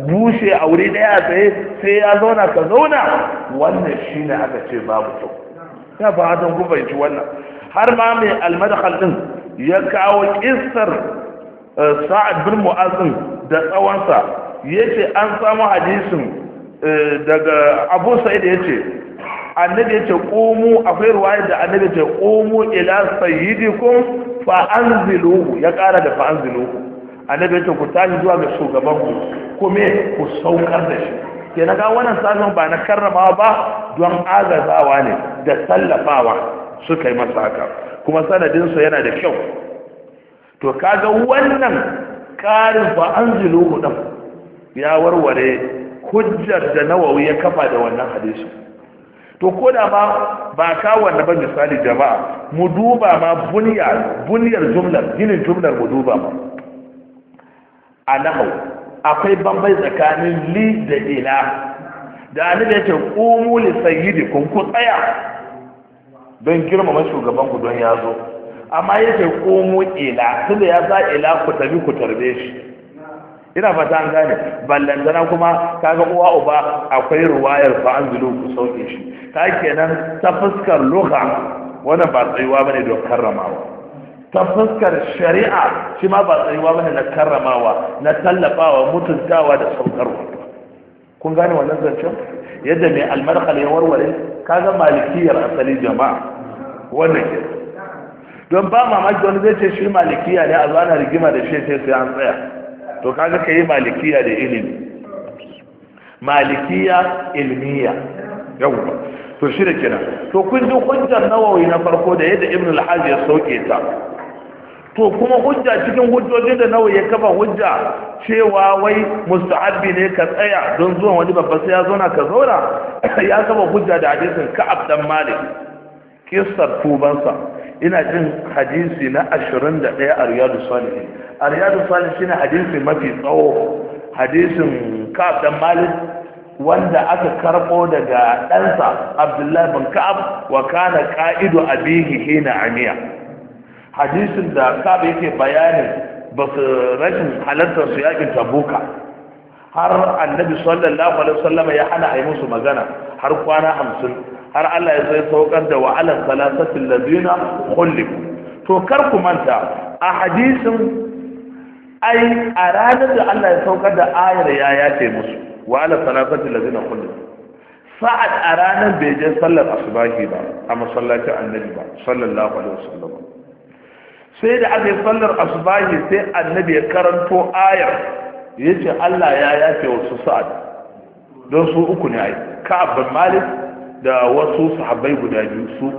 bushe a wuri daya tsaye sai ya zauna ka zauna wannan shine aka ce babu kyau ya ba don ku wannan har ma mai almadakal din ya kawo kissar eh, sa'ad bin mu'azin da tsawonsa yace an samu hadisin eh, daga abu ya yace annabi ya ce ƙomu akwai ruwayar da annabi ya ce ƙomu ila sayyidikum fa anziluhu ya ƙara da fa anziluhu annabi ya ce ku tashi zuwa ga shugaban ku kuma ku saukar da shi ke na ga wannan sabon ba na karramawa ba don agazawa ne da tallafawa suka yi masa haka kuma sanadinsu yana da kyau to kaga wannan ƙarin fa anziluhu ɗin ya warware hujjar da nawawi ya kafa da wannan hadisi to ko da ma ba ka wanda ba misali jama'a mu duba ma bunya bunyar jumlar ginin jumlar mu duba ma a nahau akwai bambai tsakanin li da ila da da yake qumu li sayyidikum ku tsaya don girmama shugaban ku don ya zo amma yake qumu ila tunda ya za ila ku tabi ku tarbe shi ina fata an gane ballantana kuma kaga uwa uba akwai ruwayar fa an zulu ku sauke shi ta kenan ta fuskar lugha wanda ba tsayuwa bane don karramawa ta fuskar shari'a shi ma ba tsayuwa bane na karramawa na tallafawa mutuntawa da saukarwa kun gane wannan zancen yadda mai almarkal ya warware kaga malikiyar asali jama'a wannan ke don ba mamaki wani zai ce shi malikiya ne a na rigima da shi sai sai an tsaya to kaga ka yi malikiya da ilimi malikiya ilmiya yawwa to shi da kira to kun ji hujjar nawawi na farko da yadda ibn al-hajj ya sauke ta to kuma hujja cikin hujjojin da nawawi ya kafa hujja cewa wai musta'abbi ne ka tsaya don zuwa wani babba sai ya zauna ka zauna ya kafa hujja da hadisin ka'ab dan malik kissar tubansa ina jin hadisi na 21 a riyadu salihin a riyadu salihin shine hadisi mafi tsawo hadisin ka'ab dan malik wanda aka karbo daga ɗansa abdullahi bin ka'ab wa kana a abihi hina amiya hadisin da ka'ab yake bayanin ba su rashin halartar su yakin tabuka har annabi sallallahu alaihi wasallam ya hana a yi musu magana har kwana hamsin har Allah ya zai saukar da wa'alar salasatin lazina kullum. to kar ku manta a hadisin ai a ranar da Allah ya saukar da ayar ya yace musu wa'alar salasatin lazina kullum. sa'ad a ranar bai je sallar asubahi ba a masallacin annabi ba sallallahu alaihi wasallam sai da aka yi sallar asubahi sai annabi ya karanto ayar ce Allah ya yace wasu sa'ad don su uku ne ai ka'ab bin malik da wasu sahabbai guda biyu su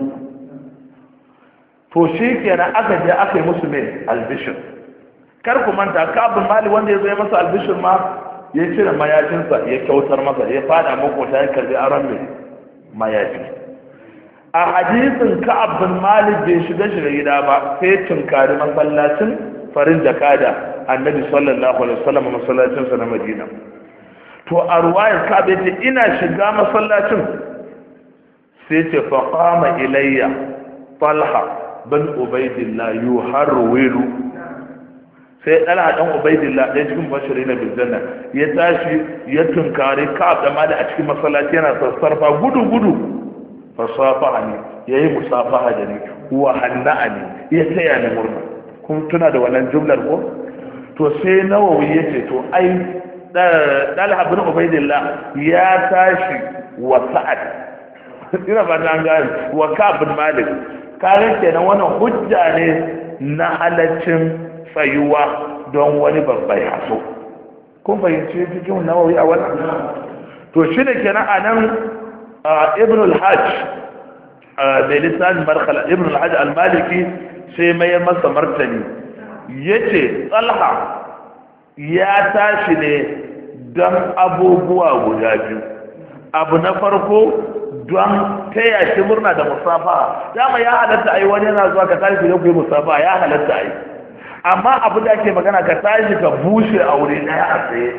to shi kenan aka je aka yi musu mai albishir kar ku manta kabin mali wanda ya zo ya masa albishir ma ya cire mayafinsa ya kyautar masa ya fada makota ya karbi aron mai mayafi a hadisin ka abin mali bai shiga shiga gida ba sai tunkari masallacin farin jakada annabi sallallahu alaihi wasallam masallacin sa na madina to a ruwayar bai ce ina shiga masallacin sai ce faqama ilayya talha bin ubaidillah yuharwilu sai talha ɗan ubaidillah ɗaya cikin bashirin bil janna ya tashi ya tunkari, ka da mali a cikin masallaci yana sassarfa gudu gudu fasafa ne yayi a da ni wa hanna a hanna'ani ya taya ni murna kun tuna da wannan jumlar ko to sai nawawi ce to ai dalha bin ubaidillah ya tashi wa sa'ad ina ba ta gani wa kafin malik karin kenan wannan hujja ne na halaccin tsayuwa don wani babban yaso kun fahimci cikin nawawi a wannan to shi ne ke a nan ibn al-hajj mai lissanin markala ibn al-hajj al-maliki sai mai masa martani Ya ce tsalha ya tashi ne don abubuwa guda biyu abu na farko don taya shi murna da musafa dama ya halatta ai wani yana zuwa ka tashi ku yi musafa ya halatta ai amma abin da ake magana ka tashi ka bushe a wuri daya a tsaye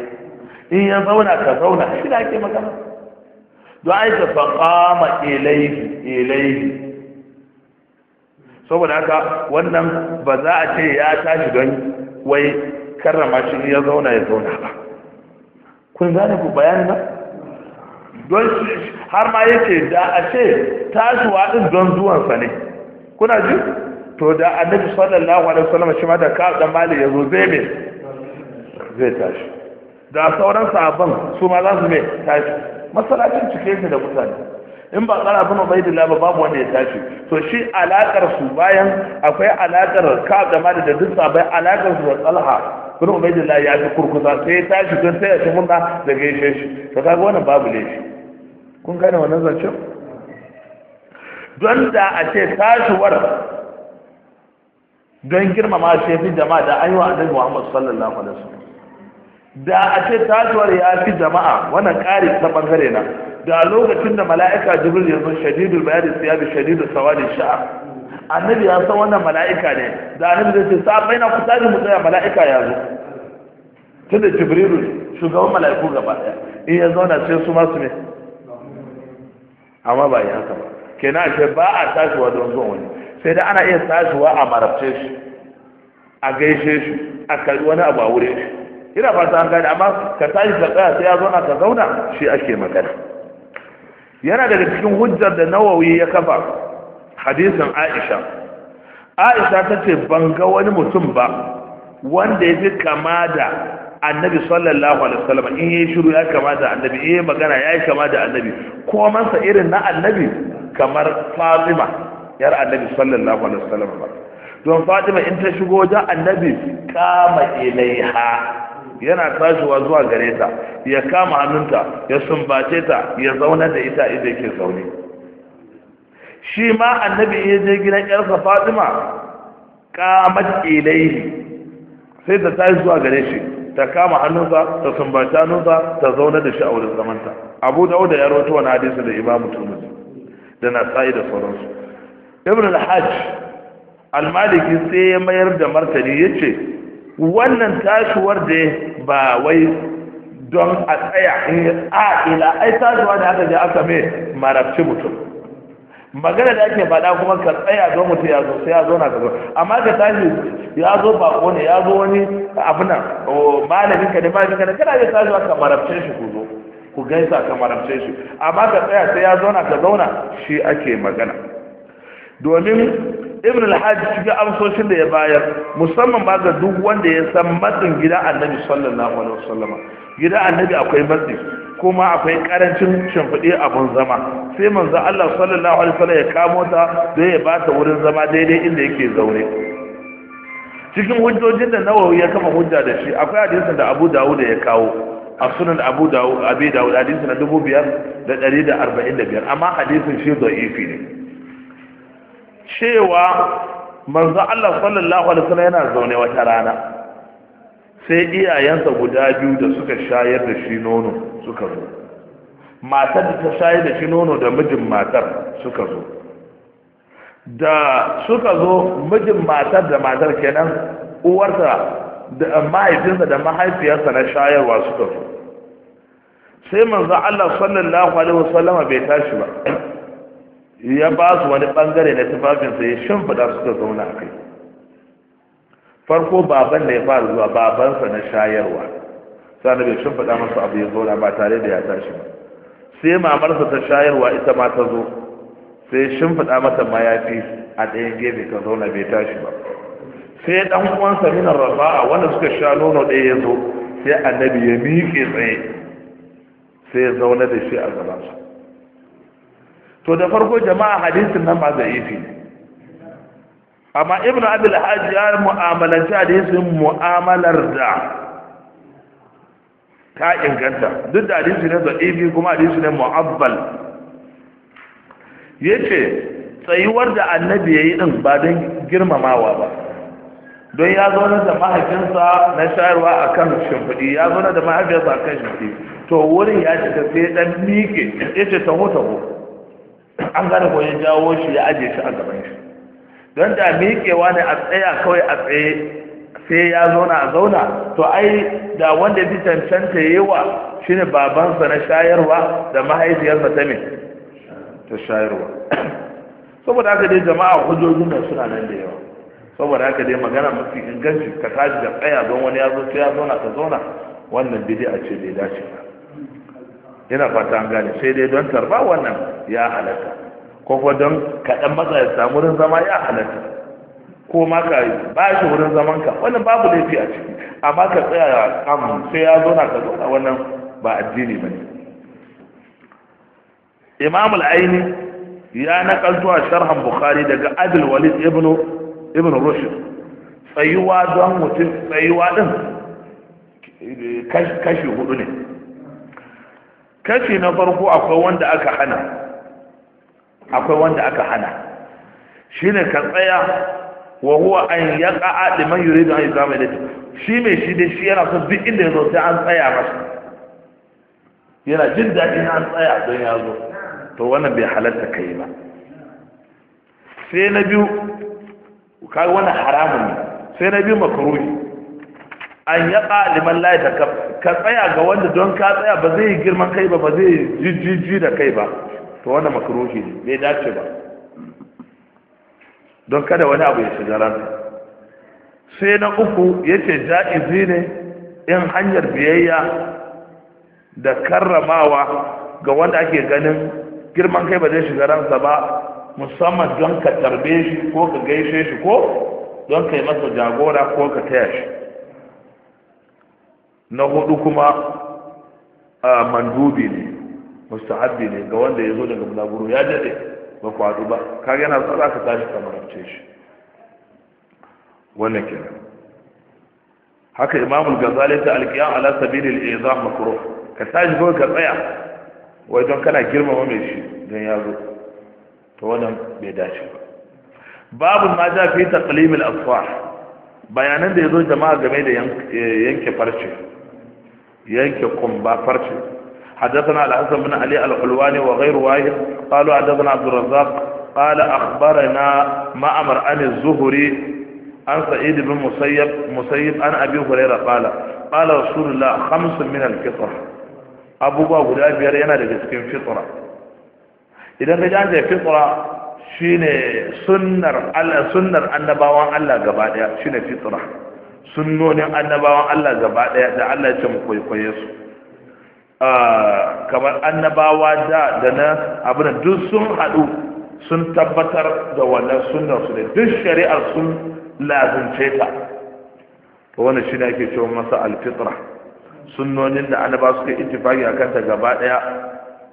in ya zauna ka zauna shi da ake magana don ai ka faƙama ilaihi ilaihi saboda haka wannan ba za a ce ya tashi don wai karrama shi ya zauna ya zauna ba kun gane ku bayanin nan don har ma yake da a ce tashiwa waɗin don zuwansa ne kuna ji to da annabi sallallahu alaihi wasallam shi ma da ka da mali zo zai me zai tashi da sauran sabon su ma za su me tashi masallacin cike shi da mutane in ba tsara bin ubaidillah ba babu wanda ya tashi to shi alakar su bayan akwai alakar ka da mali da duk bai alakar su da tsalha bin ubaidillah ya fi kurkusa sai ya tashi don sai ya ci murna da gaishe shi to kaga wannan babu laifi kun gane wannan zancen don da a ce tashiwar don girmama ce fi jama'a da an yi wa annabi Muhammad sallallahu alaihi wasallam da a ce tashiwar ya fi jama'a wannan ƙari ta bangare na da lokacin da mala'ika jibril ya zo Shadidu bayani sai ya bi shadidul sawadi sha'a annabi ya san wannan mala'ika ne da annabi zai ce sabai na ku tashi mu tsaya mala'ika ya zo tunda jibril shugaban mala'iku gaba ɗaya in ya zauna sai su ma su ne amma ba yi haka ba ke na ce ba a tashiwa don zuwa wani sai da ana iya tashiwa a marabce shi a gaishe shi a kari wani abu a wuri shi ina fata an amma ka tashi ka tsaya sai ya na ka zauna shi ake magana yana daga cikin hujjar da nawawi ya kafa hadisin aisha aisha ta ce ban ga wani mutum ba wanda ya fi kama da annabi sallallahu alaihi wasallam in yayi shiru ya kama da annabi in yayi magana ya kama da annabi masa irin na annabi kamar fatima yar annabi sallallahu alaihi wasallam don fatima in ta shigo wajen annabi kama ilaiha yana tashiwa zuwa gare ta ya kama hannunta ya sumbace ta ya zauna da ita inda yake zaune shi ma annabi ya je gidan yarsa fatima kamat ilaihi sai ta tashi zuwa gare shi ta kama hannunsa ta sumbata hannunsa ta zauna da shi a wurin zamanta abu dauda ya rawaito wani hadisi da imamu turmuzi da nasa'i da sauransu ibn al-hajj al-maliki sai ya mayar da martani ya ce wannan tashuwar da ba wai don a tsaya a ila ai tashuwa da aka je aka mai marabci mutum magana da ake faɗa kuma ka tsaya zo mutum ya zo sai ya zo na ka amma ka tashi ya zo bako ne ya zo wani abu nan malamin ka ne malamin ka ne kana ya tashi ka marabce shi ku zo ku gaisa ka marabce shi amma ka tsaya sai ya zauna ka zauna shi ake magana domin ibn al-hajj cikin amsoshin da ya bayar musamman ba ga duk wanda ya san matsin gida annabi sallallahu alaihi wasallama gida annabi akwai matsi kuma akwai karancin shimfiɗe abun zama sai manzo Allah sallallahu alaihi wasallam ya kamo ta da ya ba ta wurin zama daidai inda yake zaune cikin hujjojin da Nawawi ya kama hujja da shi akwai hadisin da Abu Dawud ya kawo a sunan Abu Dawud Abi Dawud hadisin na 2545 amma hadisin shi ifi ne cewa manzo Allah sallallahu alaihi wasallam yana zaune wata rana sai iyayensa guda biyu da suka shayar da shi nono suka zo matar da ta shayar da shi nono da mijin matar suka zo da suka zo mijin matar da matar kenan uwarsa da mahaifinsa da mahaifiyarsa na shayarwa suka zo sai manzo Allah sallallahu alaihi wasallam bai tashi ba ya ba su wani bangare na tufafinsa ya shimfida suka zauna a kai farko baban da ya fara zuwa babansa na shayarwa sannan bai shin faɗa masa abu ya zauna ba tare da ya tashi ba sai mamarsa ta shayarwa ita ma ta zo sai shin faɗa masa mayafi a ɗayan gefe ka zauna bai tashi ba sai ɗan uwansa minar rafa'a wanda suka sha nono ɗaya ya zo sai annabi ya miƙe tsaye sai ya zauna da shi a gabansa to da farko jama'a hadisin nan ma zaifi ne amma ibnu abil hajj ya mu'amalanci hadisin mu'amalar da ka inganta duk da hadisi ne ibi kuma hadisi ne mu'abbal yace tsayuwar da annabi yayi din ba don girmamawa ba don ya zauna da mahaifinsa na shayarwa a kan shimfiɗi ya zauna da mahaifinsa a kan shimfiɗi to wurin ya cika sai dan mike ya ce taho taho an gane ko ya jawo shi ya ajiye shi a gaban shi don da miƙewa ne a tsaya kawai a tsaye sai ya zauna a zauna to ai da wanda bi cancanta shi shine babansa na shayarwa da mahaifiyarsa ta me ta shayarwa [COUGHS] saboda haka dai jama'a hujjojin da suna nan da yawa saboda haka dai magana mafi inganci ka tashi da tsaya don wani ya zo sai ya zauna ka zauna wannan a ce bai dace ba ina fata an gane sai dai don tarba wannan ya halatta ko kuwa don kaɗan matsa ya samu wurin zama ya halatta ko ma ka ba shi wurin zaman ka wannan babu laifi a ciki amma ka tsaya kan sai ya zo na ka zo wannan ba addini ba ne imam al-aini ya nakalto a sharhan bukhari daga abul walid ibn ibn rushd tsayuwa don mutum tsayuwa din kashi hudu ne kashi na farko akwai wanda aka hana akwai wanda aka hana shine ka tsaya wa huwa an yaqa liman yuridu an zama ilayhi shi mai shi dai shi yana son duk inda ya zo sai an tsaya masa yana jin na an tsaya don ya zo to wannan bai halatta ka yi ba sai na biyu ka wani haramun ne sai na biyu makaruri an yaƙa liman layi da ka tsaya ga wanda don ka tsaya ba zai yi girman kai ba ba zai jijji da kai ba to wanda makaroshi ne bai dace ba don kada wani abu ya shiga ransa sai na uku yace ja'izi ne in hanyar biyayya da karramawa ga wanda ake ganin girman kai ba zai shiga ransa ba musamman don ka tarbe shi ko ka gaishe shi ko don ka yi masa jagora ko ka taya shi na hudu kuma mandubi ne mustahabbi ne ga wanda ya zo daga bulaguro ya daɗe ba ku ba ka yana tsara ka tashi kamar shi wannan ke haka imamul gazali ta alƙiyam ala sabilil izah makruh ka tashi ko ka tsaya wai don kana girmama mai shi don ya zo to wannan bai dace ba babu ma ja fi taqlimil asfar bayanan da yazo jama'a game da eh, yanke farce yanke kumba farce حدثنا الحسن بن علي الحلواني وغير واحد قالوا حدثنا عبد الرزاق قال أخبرنا معمر عن الزهري عن سعيد بن مسيب مسيب عن أبي هريرة قال قال رسول الله خمس من الفطر أبو باب أبي هريرة لبسكين فطرة إذا رجعنا فطرة شيني sunnar Allah sunnar annabawan Allah gaba daya shine fitra sunnonin annabawan Allah gaba daya da Allah ya ce mu kwaikwaye su kamar annabawa da da na abin duk sun haɗu sun tabbatar da wannan sunan su ne duk shari'ar sun lazimce ta to wannan ne ake cewa masa alfitra sunnonin da annaba suka ittifaki akan ta gaba daya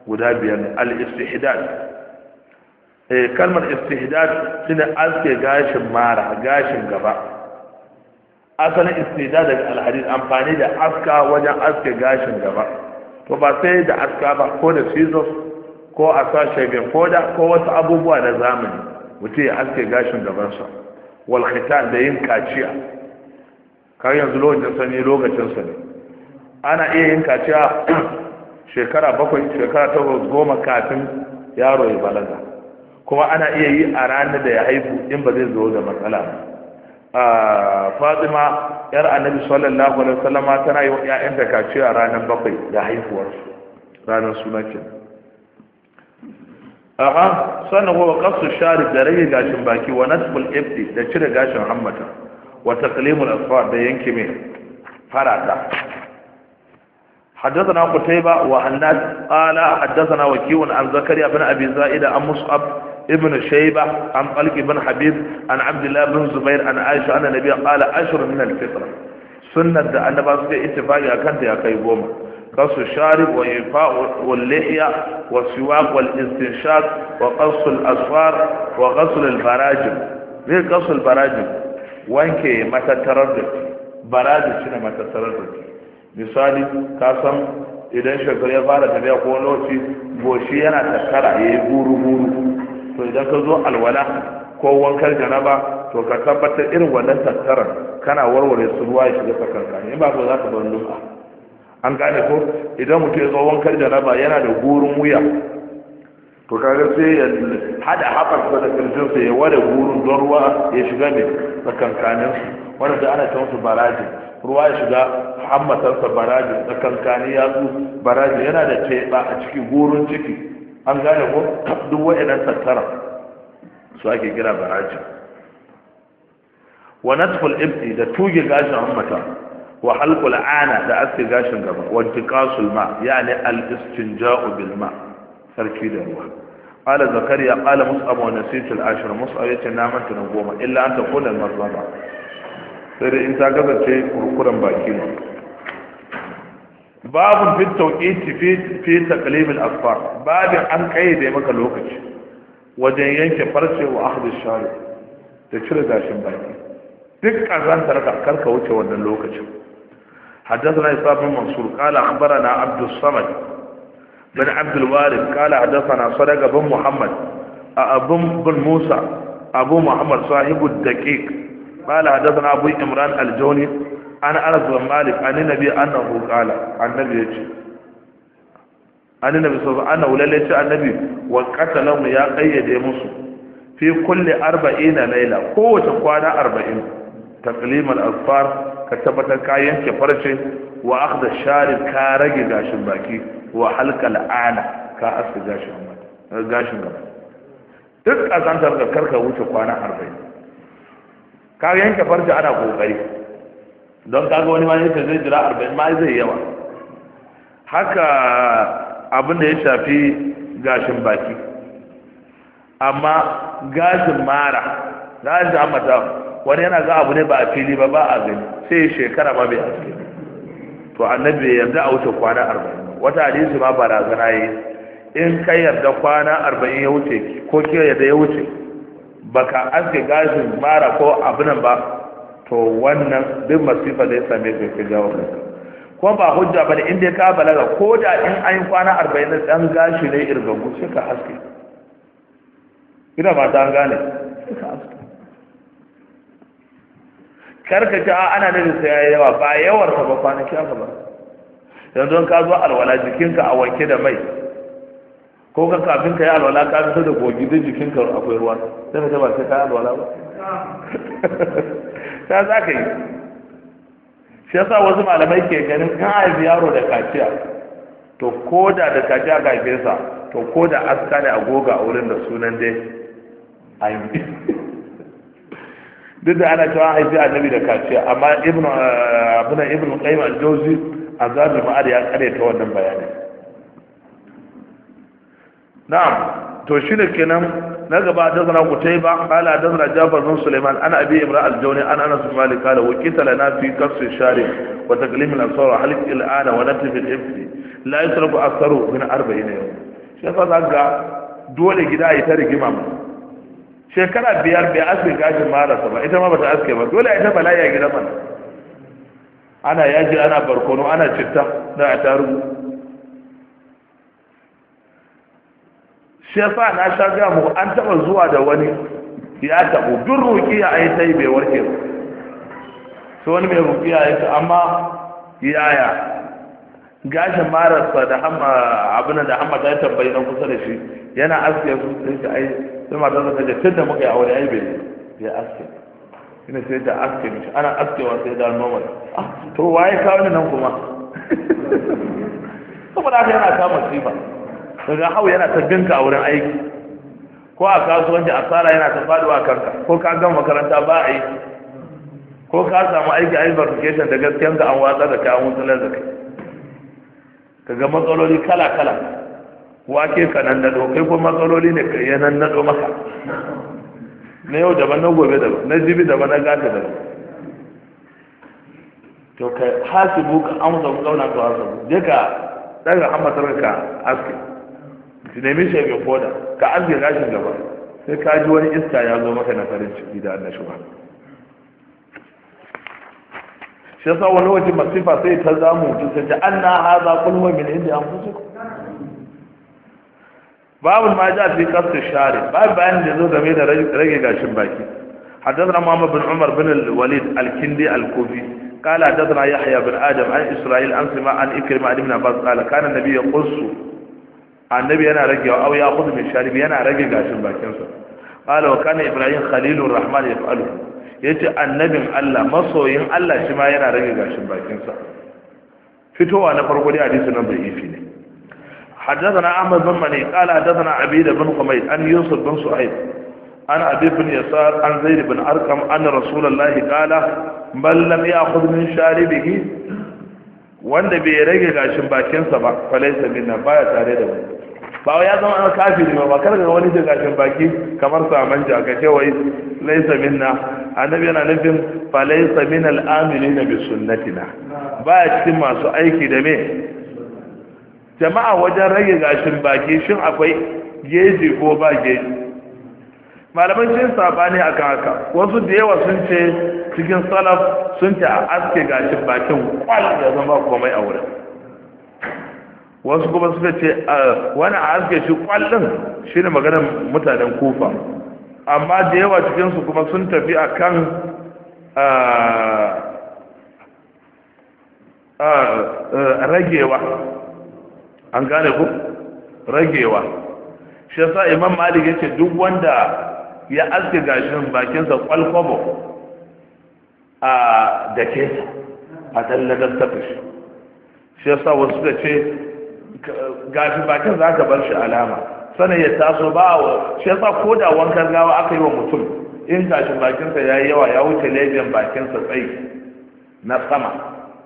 guda biyar al-istihdad eh kalmar istihdad shine aske gashin mara gashin gaba asalin istihdad daga al-hadith amfani da aska wajen aske gashin gaba to ba sai da aska ba ko da scissors ko a sa shagen koda ko wasu abubuwa na zamani mutum ya aske gashin gabansa wal khitan da yin kaciya kar yanzu lokacin sani lokacin sani ana iya yin kaciya [CLEARS THROAT] shekara bakwai shekara ta goma kafin yaro ya balaga kuma ana iya yi a ranar da ya haifu in ba zai zo da matsala ba fatima yar annabi sallallahu alaihi wasallama tana yi wa kace a ranar bakwai da haihuwarsu ranar suna ke aha sannan wa qasu shari da rage gashin baki wa nasbul ibdi da cire gashin hammata wa taqlimul asfar da yanke mai farata حدثنا قتيبة وعن ناس قال حدثنا وكيع عن زكريا بن أبي زائدة عن مصعب ابن شيبة عن طلق بن حبيب عن عبد الله بن زبير عن عائشة أن النبي قال عشر من الفطرة سنة أن بعض اتفاق أكنت يا كيبوما قص الشارب وإيفاء واللحية والسواق والاستنشاق وقص الأصفار وغسل البراجم ليه قص البراجم كي ما تتردد براجم شنو ما تتردد misali ka san idan shekaru ya fara tafiya ko lokaci goshi yana tattara ya yi to idan ka zo alwala ko wankar janaba to ka tabbatar irin wannan tattaran kana warware su ruwa ya shiga tsakankani in ba ko za ka bar lumba an gane ko idan mutum ya zo wankar janaba yana da gurin wuya to kaga sai ya hada hafarsa da kirjinsa ya ware gurin don ruwa ya shiga mai tsakankanin wanda da ana ta musu baraji ruwa ya shiga hammatarsa baraji ya yatsu baraji yana da teɓa a ciki gurin ciki an gane ko duk waɗannan tattara su ake kira barajin wa natful ibti da tuge gashin hammata wa halqul ana da aske gashin gaba wa tiqasul ma yani al istinja'u bil ma sarki da ruwa قال زكريا قال مصعب ونسيت العاشر مصعب يتي نامت نقوم إلا أن تكون المرضى sai dai in ta kasance kurkuren baki ne babu fit tauqiti fi fi taqlim asfar babin an kayyade maka lokaci wajen yanke farce wa akhdh shari da cire gashin baki duk azantar ka karka wuce wannan lokacin حدثنا إصاب بن منصور قال أخبرنا عبد الصمد بن عبد الوارث قال حدثنا صدق بن محمد أبو بن موسى أبو محمد صاحب الدقيق قال حدثنا أبو إمران الجوني an anas bin malik an nabi annahu qala annabi yace an nabi sallallahu alaihi wasallam ce annabi wa qatalahu ya kayyade musu fi kulle arba'in na laila kowace kwana arba'in taqlim alfar. ka tabbatar ka yanke farce wa akhdha sharib ka rage gashin baki wa halka la'ana ka aske gashin gashin gaba duk azantar ka karka wuce kwana arba'in ka yanke farce ana kokari don kaga wani ma yake zai jira arba'in ma zai yawa haka abin da ya shafi gashin baki amma gashin mara gashin amata wani yana ga abu ne ba a fili ba ba a gani sai shekara ma bai aske to annabi bai yarda a wuce kwana arba'in wata hadisi ma barazana yi in kai yarda kwana arba'in ya wuce ko ki yarda ya wuce baka aske gashin mara ko abinan ba to wannan duk masifa da ya same ka ka jawo ka kuma ba hujja bane in dai ka balaga ko da in an yi kwana 40 dan gashi ne irgagu sai ka haske ina ba ta gane sai ka haske ka ta ana da sai yayi yawa ba yawar ka ba kwanaki aka ba yanzu ka zo alwala jikinka a wanke da mai ko ka kafin ka yi alwala ka fito da gogi jikin jikinka akwai ruwa sai ka ba sai ka alwala ba [LAUGHS] ta za ka yi shi yasa wasu malamai ke ganin kan haifi yaro da kaciya to ko da da kaciya ga sa to ko da aska ne a goga a wurin da sunan dai a yi duk da ana cewa haifi nabi da kaciya amma eh, abin abuna ibn kaima al a zabi ma'ar ya kare ta wannan bayanin na'am to shi ne kenan na gaba da zana kutaiba ala da zana jafar bin suleiman ana abi imra al-jawni ana anas bin malik qala wa qitala na fi kasr shari wa taqlim al-ansar wa halq al-ana wa natif al-ifsi la yusrafu aktharu min 40 yawm shi fa zaka dole gida yi ta rigima ma shekara biyar bai aske gashin marasa ba ita ma bata aske ba dole ita bala'i a gidan mana ana yaji ana barkono ana citta da a tarugu shi yasa na sha ga mu an taba zuwa da wani ya tabo duk yi ai sai bai warke to wani mai Rukiya ya ta amma yaya gashin marasa da abin da hamma ta tambayi na kusa da shi yana aske su sai ta ai sai matar ta ce tun da muka yi aure ai bai ya aske ina sai ta aske mishi ana askewa sai da normal ah, to waye kawo ni nan kuma [LAUGHS] saboda haka yana kama sifa daga hau yana ta ganka a wurin aiki ko a kasuwanci asara yana ta faduwa kanka ko ka gama makaranta ba a yi. ko ka samu aiki a yi verification da gaskiyan ka an watsa da ka an wutsular da kai matsaloli kala-kala wake ka nan nado kai ko matsaloli ne ka yanan nado maka na yau daban na gobe daban na jibi daban na gata daban to ka hasibu ka amsa ku zauna ka hasibu je ka ɗaga hammatar ka aske ki nemi shi mai koda ka arziki gashin gaba sai ka ji wani iska ya zo maka na farin ciki da annashuwa shi yasa wani wajen masifa sai ta zamu ta ta anna hadha kullu min indi anfusikum babu ma ja fi qasr share babu bayan da zo game da rage gashin baki حدثنا محمد بن عمر بن الوليد الكندي الكوفي قال حدثنا يحيى بن ادم عن اسرائيل عن سماع عن اكرمه بن عباس قال كان النبي يقص annabi yana rage wa ya kudu mai sharibi yana rage gashin bakinsa ƙala wa kana ibrahim halilu rahman ya fa'alu ya ce annabin allah masoyin allah shi ma yana rage gashin bakinsa fitowa na farko dai hadisi nan bai ifi ne حدثنا أحمد بن مني قال حدثنا عبيد بن حميد عن يوسف بن سعيد عن أبي بن يسار عن زيد بن أركم أن رسول الله قال من لم يأخذ من شاربه وأن بيرجع عشان باكين سبع فليس منا باية تاريد ba ya zama an kafiri ba kar ga wani da gashin baki kamar saman ja ga ce wai laisa minna annabi yana nufin fa laisa min al-amilina bi sunnatina ba ya cikin masu aiki da me jama'a wajen rage gashin baki shin akwai geji ko ba geji malaman cin sabani akan haka wasu da yawa sun ce cikin salaf sun ce a aske gashin bakin kwal ya zama komai a wurin wasu kuma suka ce wani a haske shi kwallon shi ne maganar mutanen kufa amma da yawa cikinsu kuma sun tafi a kan ragewa an gane ku ragewa shi sa, imam malik ya ce duk wanda ya aske gashin bakinsa kwalkwabo a da ke, a talladar tafi shi sa wasu suka ce gafi bakin za ka bar shi alama sanin ya taso ba wa shi yasa ko da wankan gawa aka yi wa mutum in gashin bakinsa ya yi yawa ya wuce lebiyan bakinsa tsayi na sama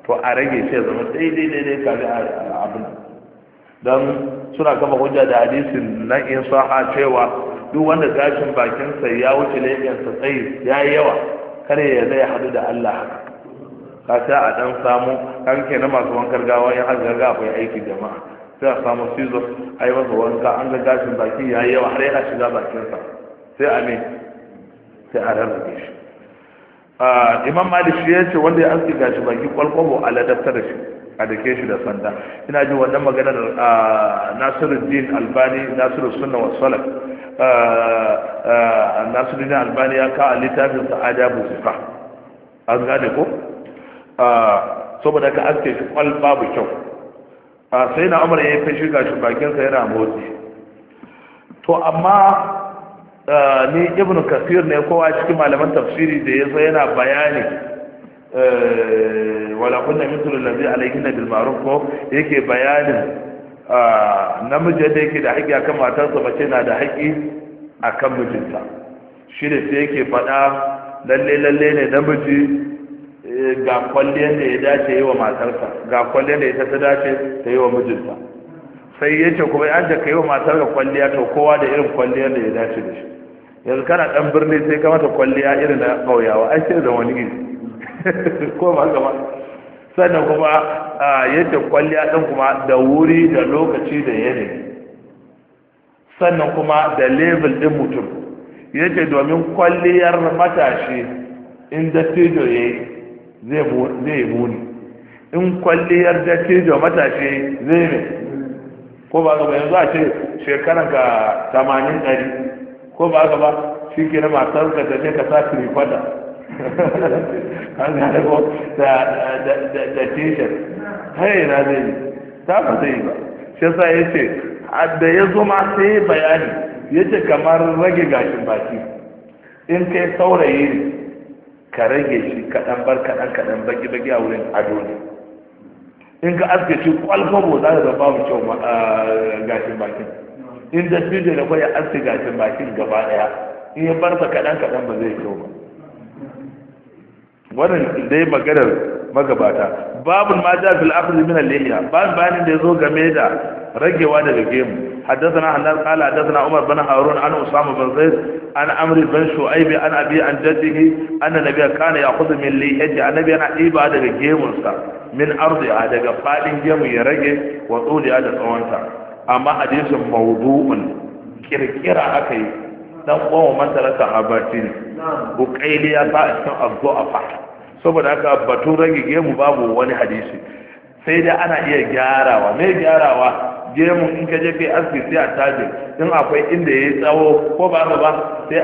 to a rage shi ya zama daidai daidai kare a abin don suna kama hujja da hadisin na in sa'a cewa duk wanda gashin bakinsa ya wuce lebiyansa tsayi ya yi yawa kare ya zai hadu da Allah haka ka a dan samu kan kenan masu wankar gawa in har ga akwai aiki jama'a sai a samu scissor a yi masa wanka an ga gashin baki ya yi yawa har yana shiga bakinsa sai a ne sai a rarrabe shi imam malik shi ya ce wanda ya aski gashi baki kwalkwabo a ladabtar da shi a dake shi da sanda ina ji wannan maganar nasiruddin albani nasiru sunna wa salaf nasiruddin albani ya kawo littafin sa adabu fuka an gane ko saboda ka aske shi kwal babu kyau a sai na umar ya yi fashi ga shi bakinsa yana motsi to amma ni ibn kafir ne kowa cikin malaman tafsiri da ya zai yana bayani wala kunna mithlu allazi alayhi na ma'ruf ko yake bayanin namiji da yake da haƙƙi akan matarsa mace na da haƙƙi akan mijinta shi da sai yake faɗa lalle lalle ne namiji ga kwalliyar da ya dace yi wa matarsa ga kwalliyar da ita ta dace ta yi wa mijinta sai ya ce kuma yadda ka yi wa matar ga kwalliya to kowa da irin kwalliyar da ya dace da shi yanzu kana dan birni sai ka mata kwalliya irin na ƙauyawa ai sai da wani iri [LAUGHS] ko ma gama sannan kuma yadda kwalliya ɗin kuma da wuri da lokaci da yanayi sannan kuma da level ɗin mutum yadda domin kwalliyar matashi in dattijo ya yi zai yi muni in kwalliyar da cijo matashi zai ne ko ba gaba yanzu a ce shekaran ka tamanin ɗari ko ba gaba shi ke na matar [LAUGHS] ka da ka sa kirifada an gane ko da t hanyar hai na zai yi ta ba zai yi ba shi sa ya ce da ya zo ma sai bayani ya ce kamar rage gashin baki in kai saurayi ne ka rage shi kaɗan bar kaɗan kaɗan baki baki a wurin ado ne in ka aske shi kwalfabo za ka ga babu kyau gashin bakin in da da kwaya aske gashin bakin gaba ɗaya in ya bar sa kaɗan kaɗan ba zai kyau ba wannan dai maganar magabata babun ma ja fil akhd min al-lihiya ban bayanin da zo game da ragewa daga gemu haddathana hanan qala haddathana umar bin harun an usama bin zaid an amr bin shu'aib an abi an jaddihi anna nabiyya kana ya'khudhu min lihiyati annabi yana diba daga gemunsa min ardiha daga fadin gemu ya rage wa tsuliya da tsawonta amma hadisin mawdu'un kirkira aka yi dan uwan man taraka abatin bukaili ya ba a cikin a fa saboda haka batun rage gemu babu wani hadisi sai dai ana iya gyarawa me gyarawa gemu in ka je kai aski sai a taje in akwai inda yi tsawo ko ba ba sai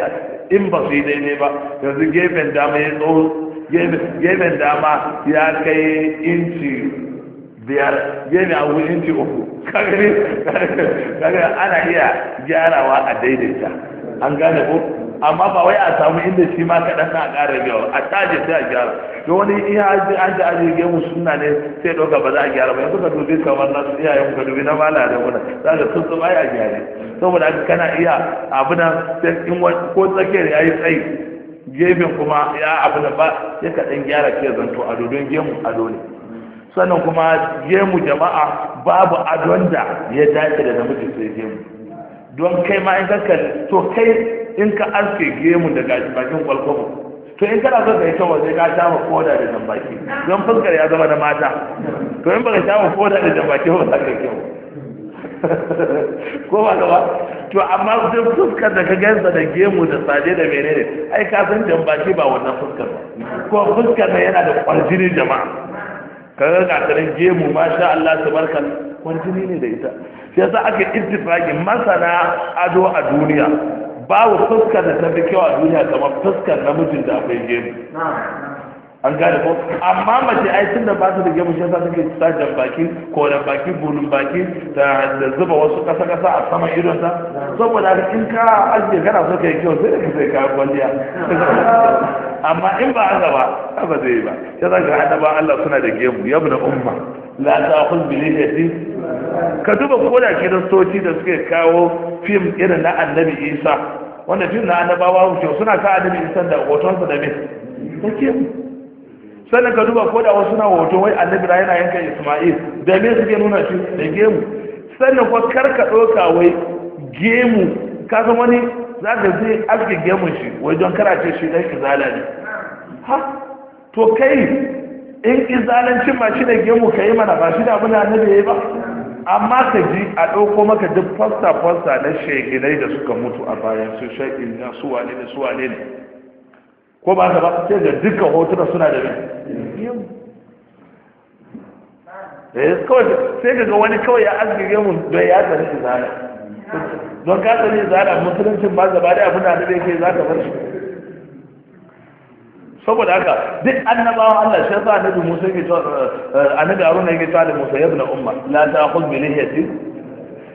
in ba su yi daidai ba yanzu gefen dama ya tsawo gefen dama ya kai inci biyar gefen wuri inci uku kagari [LAUGHS] ana iya gyarawa a daidaita an gane ko amma ba wai a samu inda shi ma kaɗan na ƙara yawa a taje sai a gyara to wani iya aji an ji aji gemu suna ne sai ɗauka ba za a gyara ba yanzu ka dubi kamar nasu iyayen ka dubi na mala da wani za ka sun tsuma a gyare saboda haka kana iya abu nan sai in ko tsakiyar ya yi tsayi gefen kuma ya abu nan ba sai ka ɗan gyara ke zanto a dodon gemu a dole sannan kuma gemu jama'a babu adon da ya dace da namiji sai gemu don kai ma in ka to kai in ka aske gemu daga bakin kwalkwabo to in kana so kai kawai sai ka shafa koda da jambaki don fuskar ya zama da mata to in baka shafa koda da jambaki ba za ka kyau [LAUGHS] ko ba ba to amma duk fuskar da ka gansa da gemu da sade da menene ai ka san jambaki ba wannan fuskar ko fuskar na yana da kwarjini jama'a kaga ga gemu masha Allah tabarakallah kwarjini ne da ita ya sa ake istifaki masana ado a duniya babu fuskar da tafi kyau a duniya kamar fuskar namijin da akwai gemu an gane ko amma mace ai tunda ba su da gemu shi yasa take sajan baki koren baki bulun baki da zuba wasu kasa kasa a saman idon ta saboda in ka ajiye kana so kai kyau sai da ka sai ka kwalliya amma in ba haka ba ba zai yi ba yasa ga ba Allah suna da gemu yabna umma la ta'khudh bi lihiyati ka duba koda kiristoci da suke kawo fim irin na annabi isa wanda fim na annabawa kyau suna ka annabi isa da hotonsa da me da ke sannan ka duba koda wasu na hoton wai annabi na yana yanka isma'il da me suke nuna shi da gemu sannan ko karka ɗauka wai gemu ka san wani za ka zai aske gemun shi wai don karace shi dan izala ne ha to kai in izalancin ma shi da gemu ka yi mana ba shi da abin da annabi ya yi ba amma ka ji a ɗauko maka duk fasta-fasta na shekinai da suka mutu a bayan su shaƙin na suwa ne da suwa ne ko ba ka ba ce ga duka hotuna suna da ne eh, sai ga wani kawai ya azgige mu don ya tsari izala don ka tsari izala musuluncin ba zaba da abin da da yake za ka bar shi saboda haka duk annabawa Allah shi yasa annabi Musa yake cewa eh, eh, annabi Haruna yake cewa da Musa ibn umma la khud bi lihiyati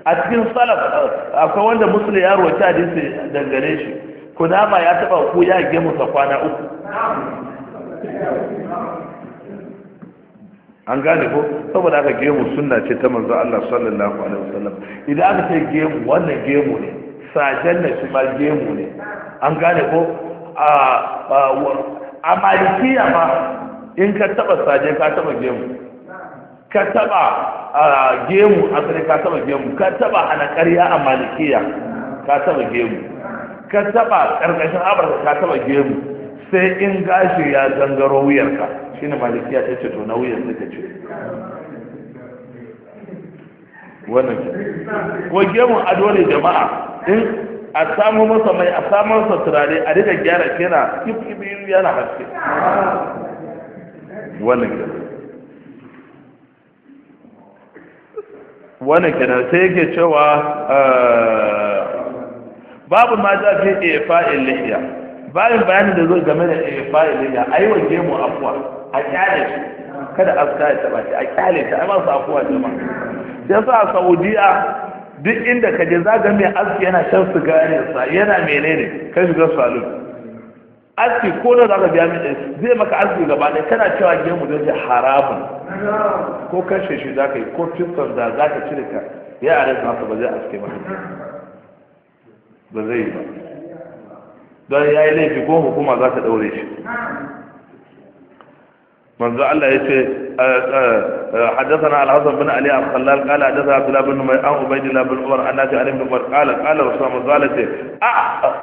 a cikin salaf eh, akwai wanda musulmi ya rawaita hadisi dangane shi kunama ya taba ko ya ge musa kwana uku an gane ko saboda aka gemu sunna ce ta manzo Allah sallallahu alaihi wasallam idan aka ce gemu wannan gemu ne sajan na shi ma gemu ne an gane ko ah, ah, a a malikiya ma in ka taba saje ka taba gemu ka taba gemu asali ka taba gemu ka taba hanakarya a malikiya ka taba gemu ka taba karkashin abarka ka taba gemu sai in gashi ya gangaro wuyarka ne malikiya ta ce to na wuyar suka ce wannan ko gemun ado ne jama'a a samu masa mai a samun sa turare a rika gyara kena kif yana haske wannan kenan wannan kenan sai yake cewa eh, babu ma za fi fa’in lihiya bayan bayani da zo game da fa’in lihiya yi wa gemu afuwa a kyale shi kada aska ya taba shi a kyale shi a ba su afwa jama'a Ya sa a Saudiya duk inda ka je ga mai aski yana shan sigari sa yana menene ka shiga salon aski ko na za ka biya mai zai maka aski gaba ɗaya kana cewa gemu don haramun ko kashe shi ka yi ko fiskan da za ka cire ka ya are maka ba zai aske ba ba zai yi ba don ya yi laifi ko hukuma za ta ɗaure shi منذ الله يتي حدثنا الحسن بن علي عبد الخلال قال حدثنا عبد الله بن مي أم عبيد الله بن عمر أن أتي بن عمر قال قال رسول الله قال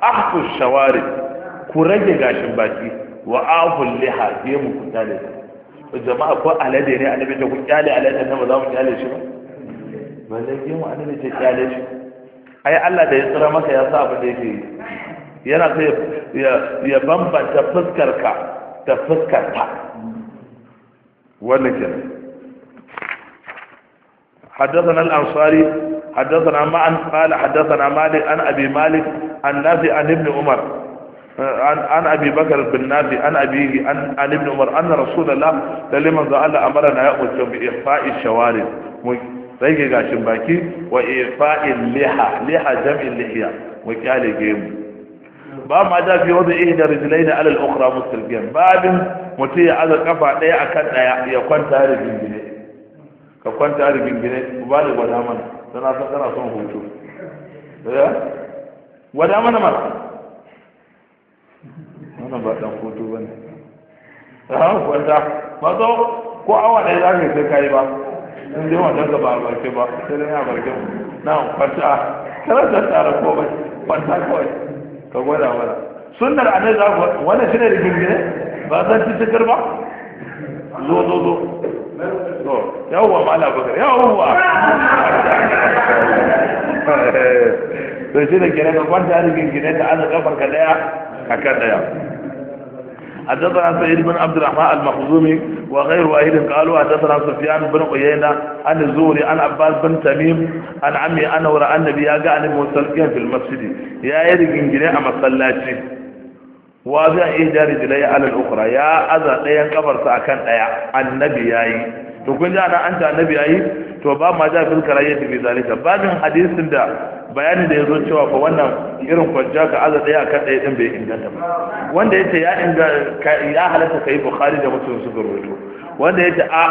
أحفو الشوارب كرجي غاشم باكي وأعفو اللحى جيمو كتالي jama'a ko alade ne annabi ta ku kyale alade ne ba kyale shi ba balle gemu annabi ta kyale shi ai Allah da ya tsira maka ya sa abin da yake yana sai ya bambanta fuskar ka fuskar ta ولكن حدثنا الأنصاري حدثنا ما عن قال حدثنا مالك عن أبي مالك عن نافي عن ابن عمر عن أبي بكر بن نافي عن أبي عن ابن عمر أن رسول الله لما قال أمرنا يأمر بإخفاء الشوارب ويجي قاشم باكي وإخفاء اللحى لحى جمع اللحية وكالي جيم باب ما جاء في وضع إحدى رجلين على الأخرى مستلقين باب mutum ya aza kafa ɗaya a kan ɗaya ya kwanta da gingine ka kwanta da gingine ku ba da gwada mana don na san kana son hutu gwada mana mana wannan ba ɗan hutu ba ne ran kwanta ba so ko awa ɗaya za ka yi sai kayi ba in dai wannan ka ba barke ba sai dai ya barke mu na kwanta kana ta tsara ko ba kwanta kawai ka gwada mana sunnar annabi za ku wannan shine rigingine ba za ki cikar ba zo zo zo zo yawwa mala bakar yawwa to shi da kira ka kwanta a rikin gine da ana kafar ka daya a kan daya حدثنا سعيد بن عبد الرحمن المخزومي وغير واحد قالوا حدثنا سفيان بن عيينة عن الزهري عن عباس بن تميم عن عمي أنا ورأى النبي يا النبي في المسجد يا يدي جنجني أما wa zai iya jari jilai alal ukura ya aza ɗayan kafarsa akan ɗaya annabi yi to kun ji ana an ta annabi ya yi to ba ma ja fil da bi zalika babin hadisin da bayani da ya zo cewa fa wannan irin kwajja ka aza ɗaya akan ɗaya ɗin bai inganta ba wanda ce ya inganta ya halatta ka yi bukhari da musulun su rohoto wanda ce a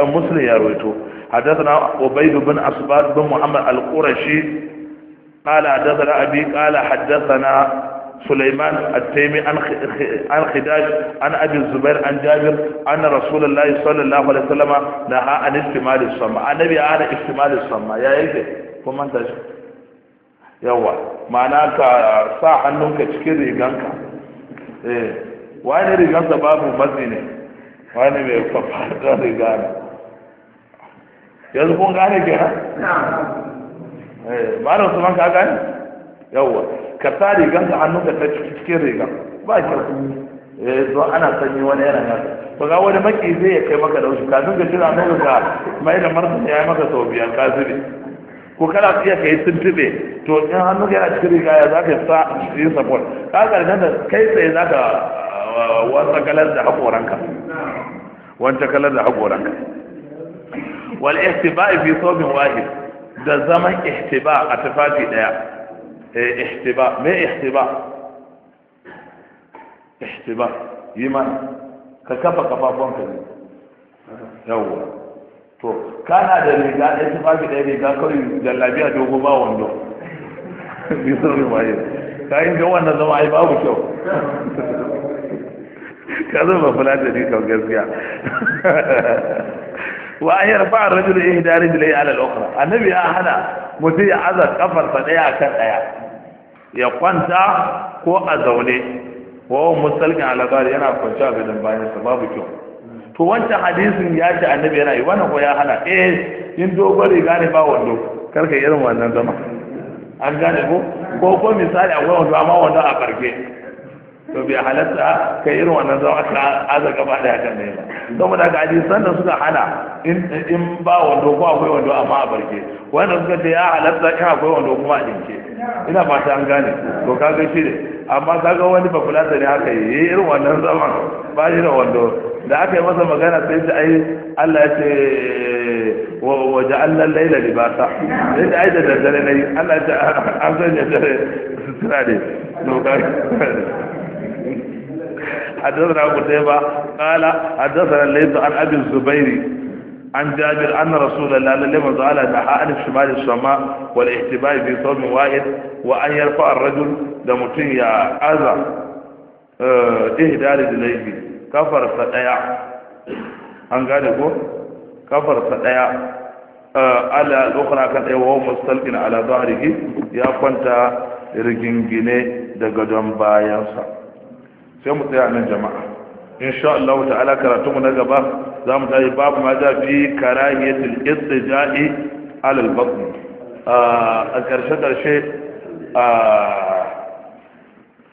a musulun ya rawaito حدثنا bin بن bin muhammad al القرشي قال حدثنا abi قال حدثنا سليمان التيمي عن خداج عن أبي الزبير عن جابر أن رسول الله صلى الله عليه وسلم نهى عن استعمال الصمة النبي عن استعمال الصمة يا إيه كم أنت يا هو معناك صاح أنك تشكر يجانك إيه وين رجعنا باب مزينة وين بفتح رجعنا يلبون غاني كه نعم إيه. ما رأسمك أكان يا هو ka sa rigan ka hannun ka ta cikin rigan ba kyau eh, zo ana sanyi wani yana ya ba ga wani maki zai ya kai maka daushi kafin ka jira mai ga mai da martani ya yi maka sau biyar ka zube ko kana iya ka yi tuntube to in hannu ka yana cikin riga ya za ka sa yin support ka karshen da kai tsaye za ka ah, wasa kalar da haƙoranka wancan kalar da haƙoranka wal ihtiba'i fi sawbin wahid da zaman ihtiba a tafafi daya Eh, ihtiba me ihtiba ka kafa kafafon ka ne to kana da riga ɗaya tufafi ɗaya riga kawai da labiya dogo ba wando bisan riwaye ka yi ga wannan zama ai babu kyau ka zama fulata ne kawai gaskiya [LAUGHS] wa an yarfa ar-rajulu ihda rijlihi ala al-ukhra annabi ya hana mutum ya aza kafarsa daya kan daya ya kwanta ko a zaune wa musalkin alabari yana kwanci a gadon bayan sa babu kyau to wancan hadisin ya ce annabi yana yi wannan ko ya hana eh in dogon riga ne ba wando karka irin wannan zama an gane ko ko misali akwai wando amma wando a farke. to bai halatta ka irin wannan zama ka aza gaba da hakan ne ba saboda ga hadisan da suka hana in ba wando ko akwai wando amma a barke wanda suka ce ya halatta in akwai wando kuma a dinke ina ba ta an gane to ga shi ne amma ga wani ba kula da ne haka yi irin wannan zama ba shi da wando da aka yi masa magana sai ta ai Allah ya ce wa ja'alna al libasa sai ta ai da daddare yi Allah ya ce an sanya dare sutura ne to kaga حدثنا قتيبة قال حدثنا الليث عن أبي الزبير عن جابر أن رسول الله الذي قال نهى عن شمال السماء والاحتباء في صوم واحد وأن يرفع الرجل لمتن يا أذى إهدار إليه كفر فتيع أن قال كفر فتيع ala lokuna kan ɗaya wa mustalkin ala zaharihi ya kwanta rigingine da gadon bayansa sai mu tsaya nan jama'a insha Allah ta'ala karatu mu na gaba za mu babu ma da fi karahiyatul istija'i ala al-batn a karshe karshe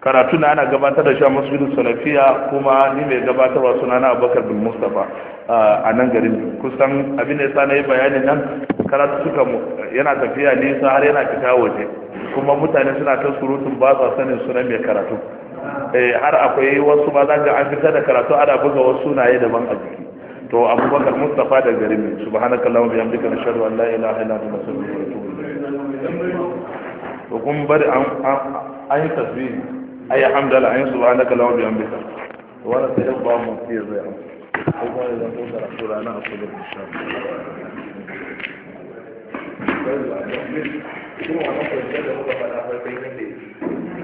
karatu na ana gabatar da shi a masjidin salafiya kuma ni mai gabatarwa suna na abubakar bin mustapha a nan garin kusan abin da sa na yi bayanin nan karatu suka yana tafiya nisa har yana fita waje kuma mutane suna ta surutun ba sa sanin sunan mai karatu Eh, har akwai wasu ba za ga an fita da karatu ana buga wasu sunaye daban a jiki to abubakar mustapha da garin mu subhanaka allahumma bihamdika nashhadu an la ilaha illa anta nastaghfiruka wa natubu ilayk to kun bari an an yi tasbihi ayi hamdala ayi subhanaka allahumma bihamdika wala sai da ba mu fiye zai amma ko ba da ko da rana a kullum insha Allah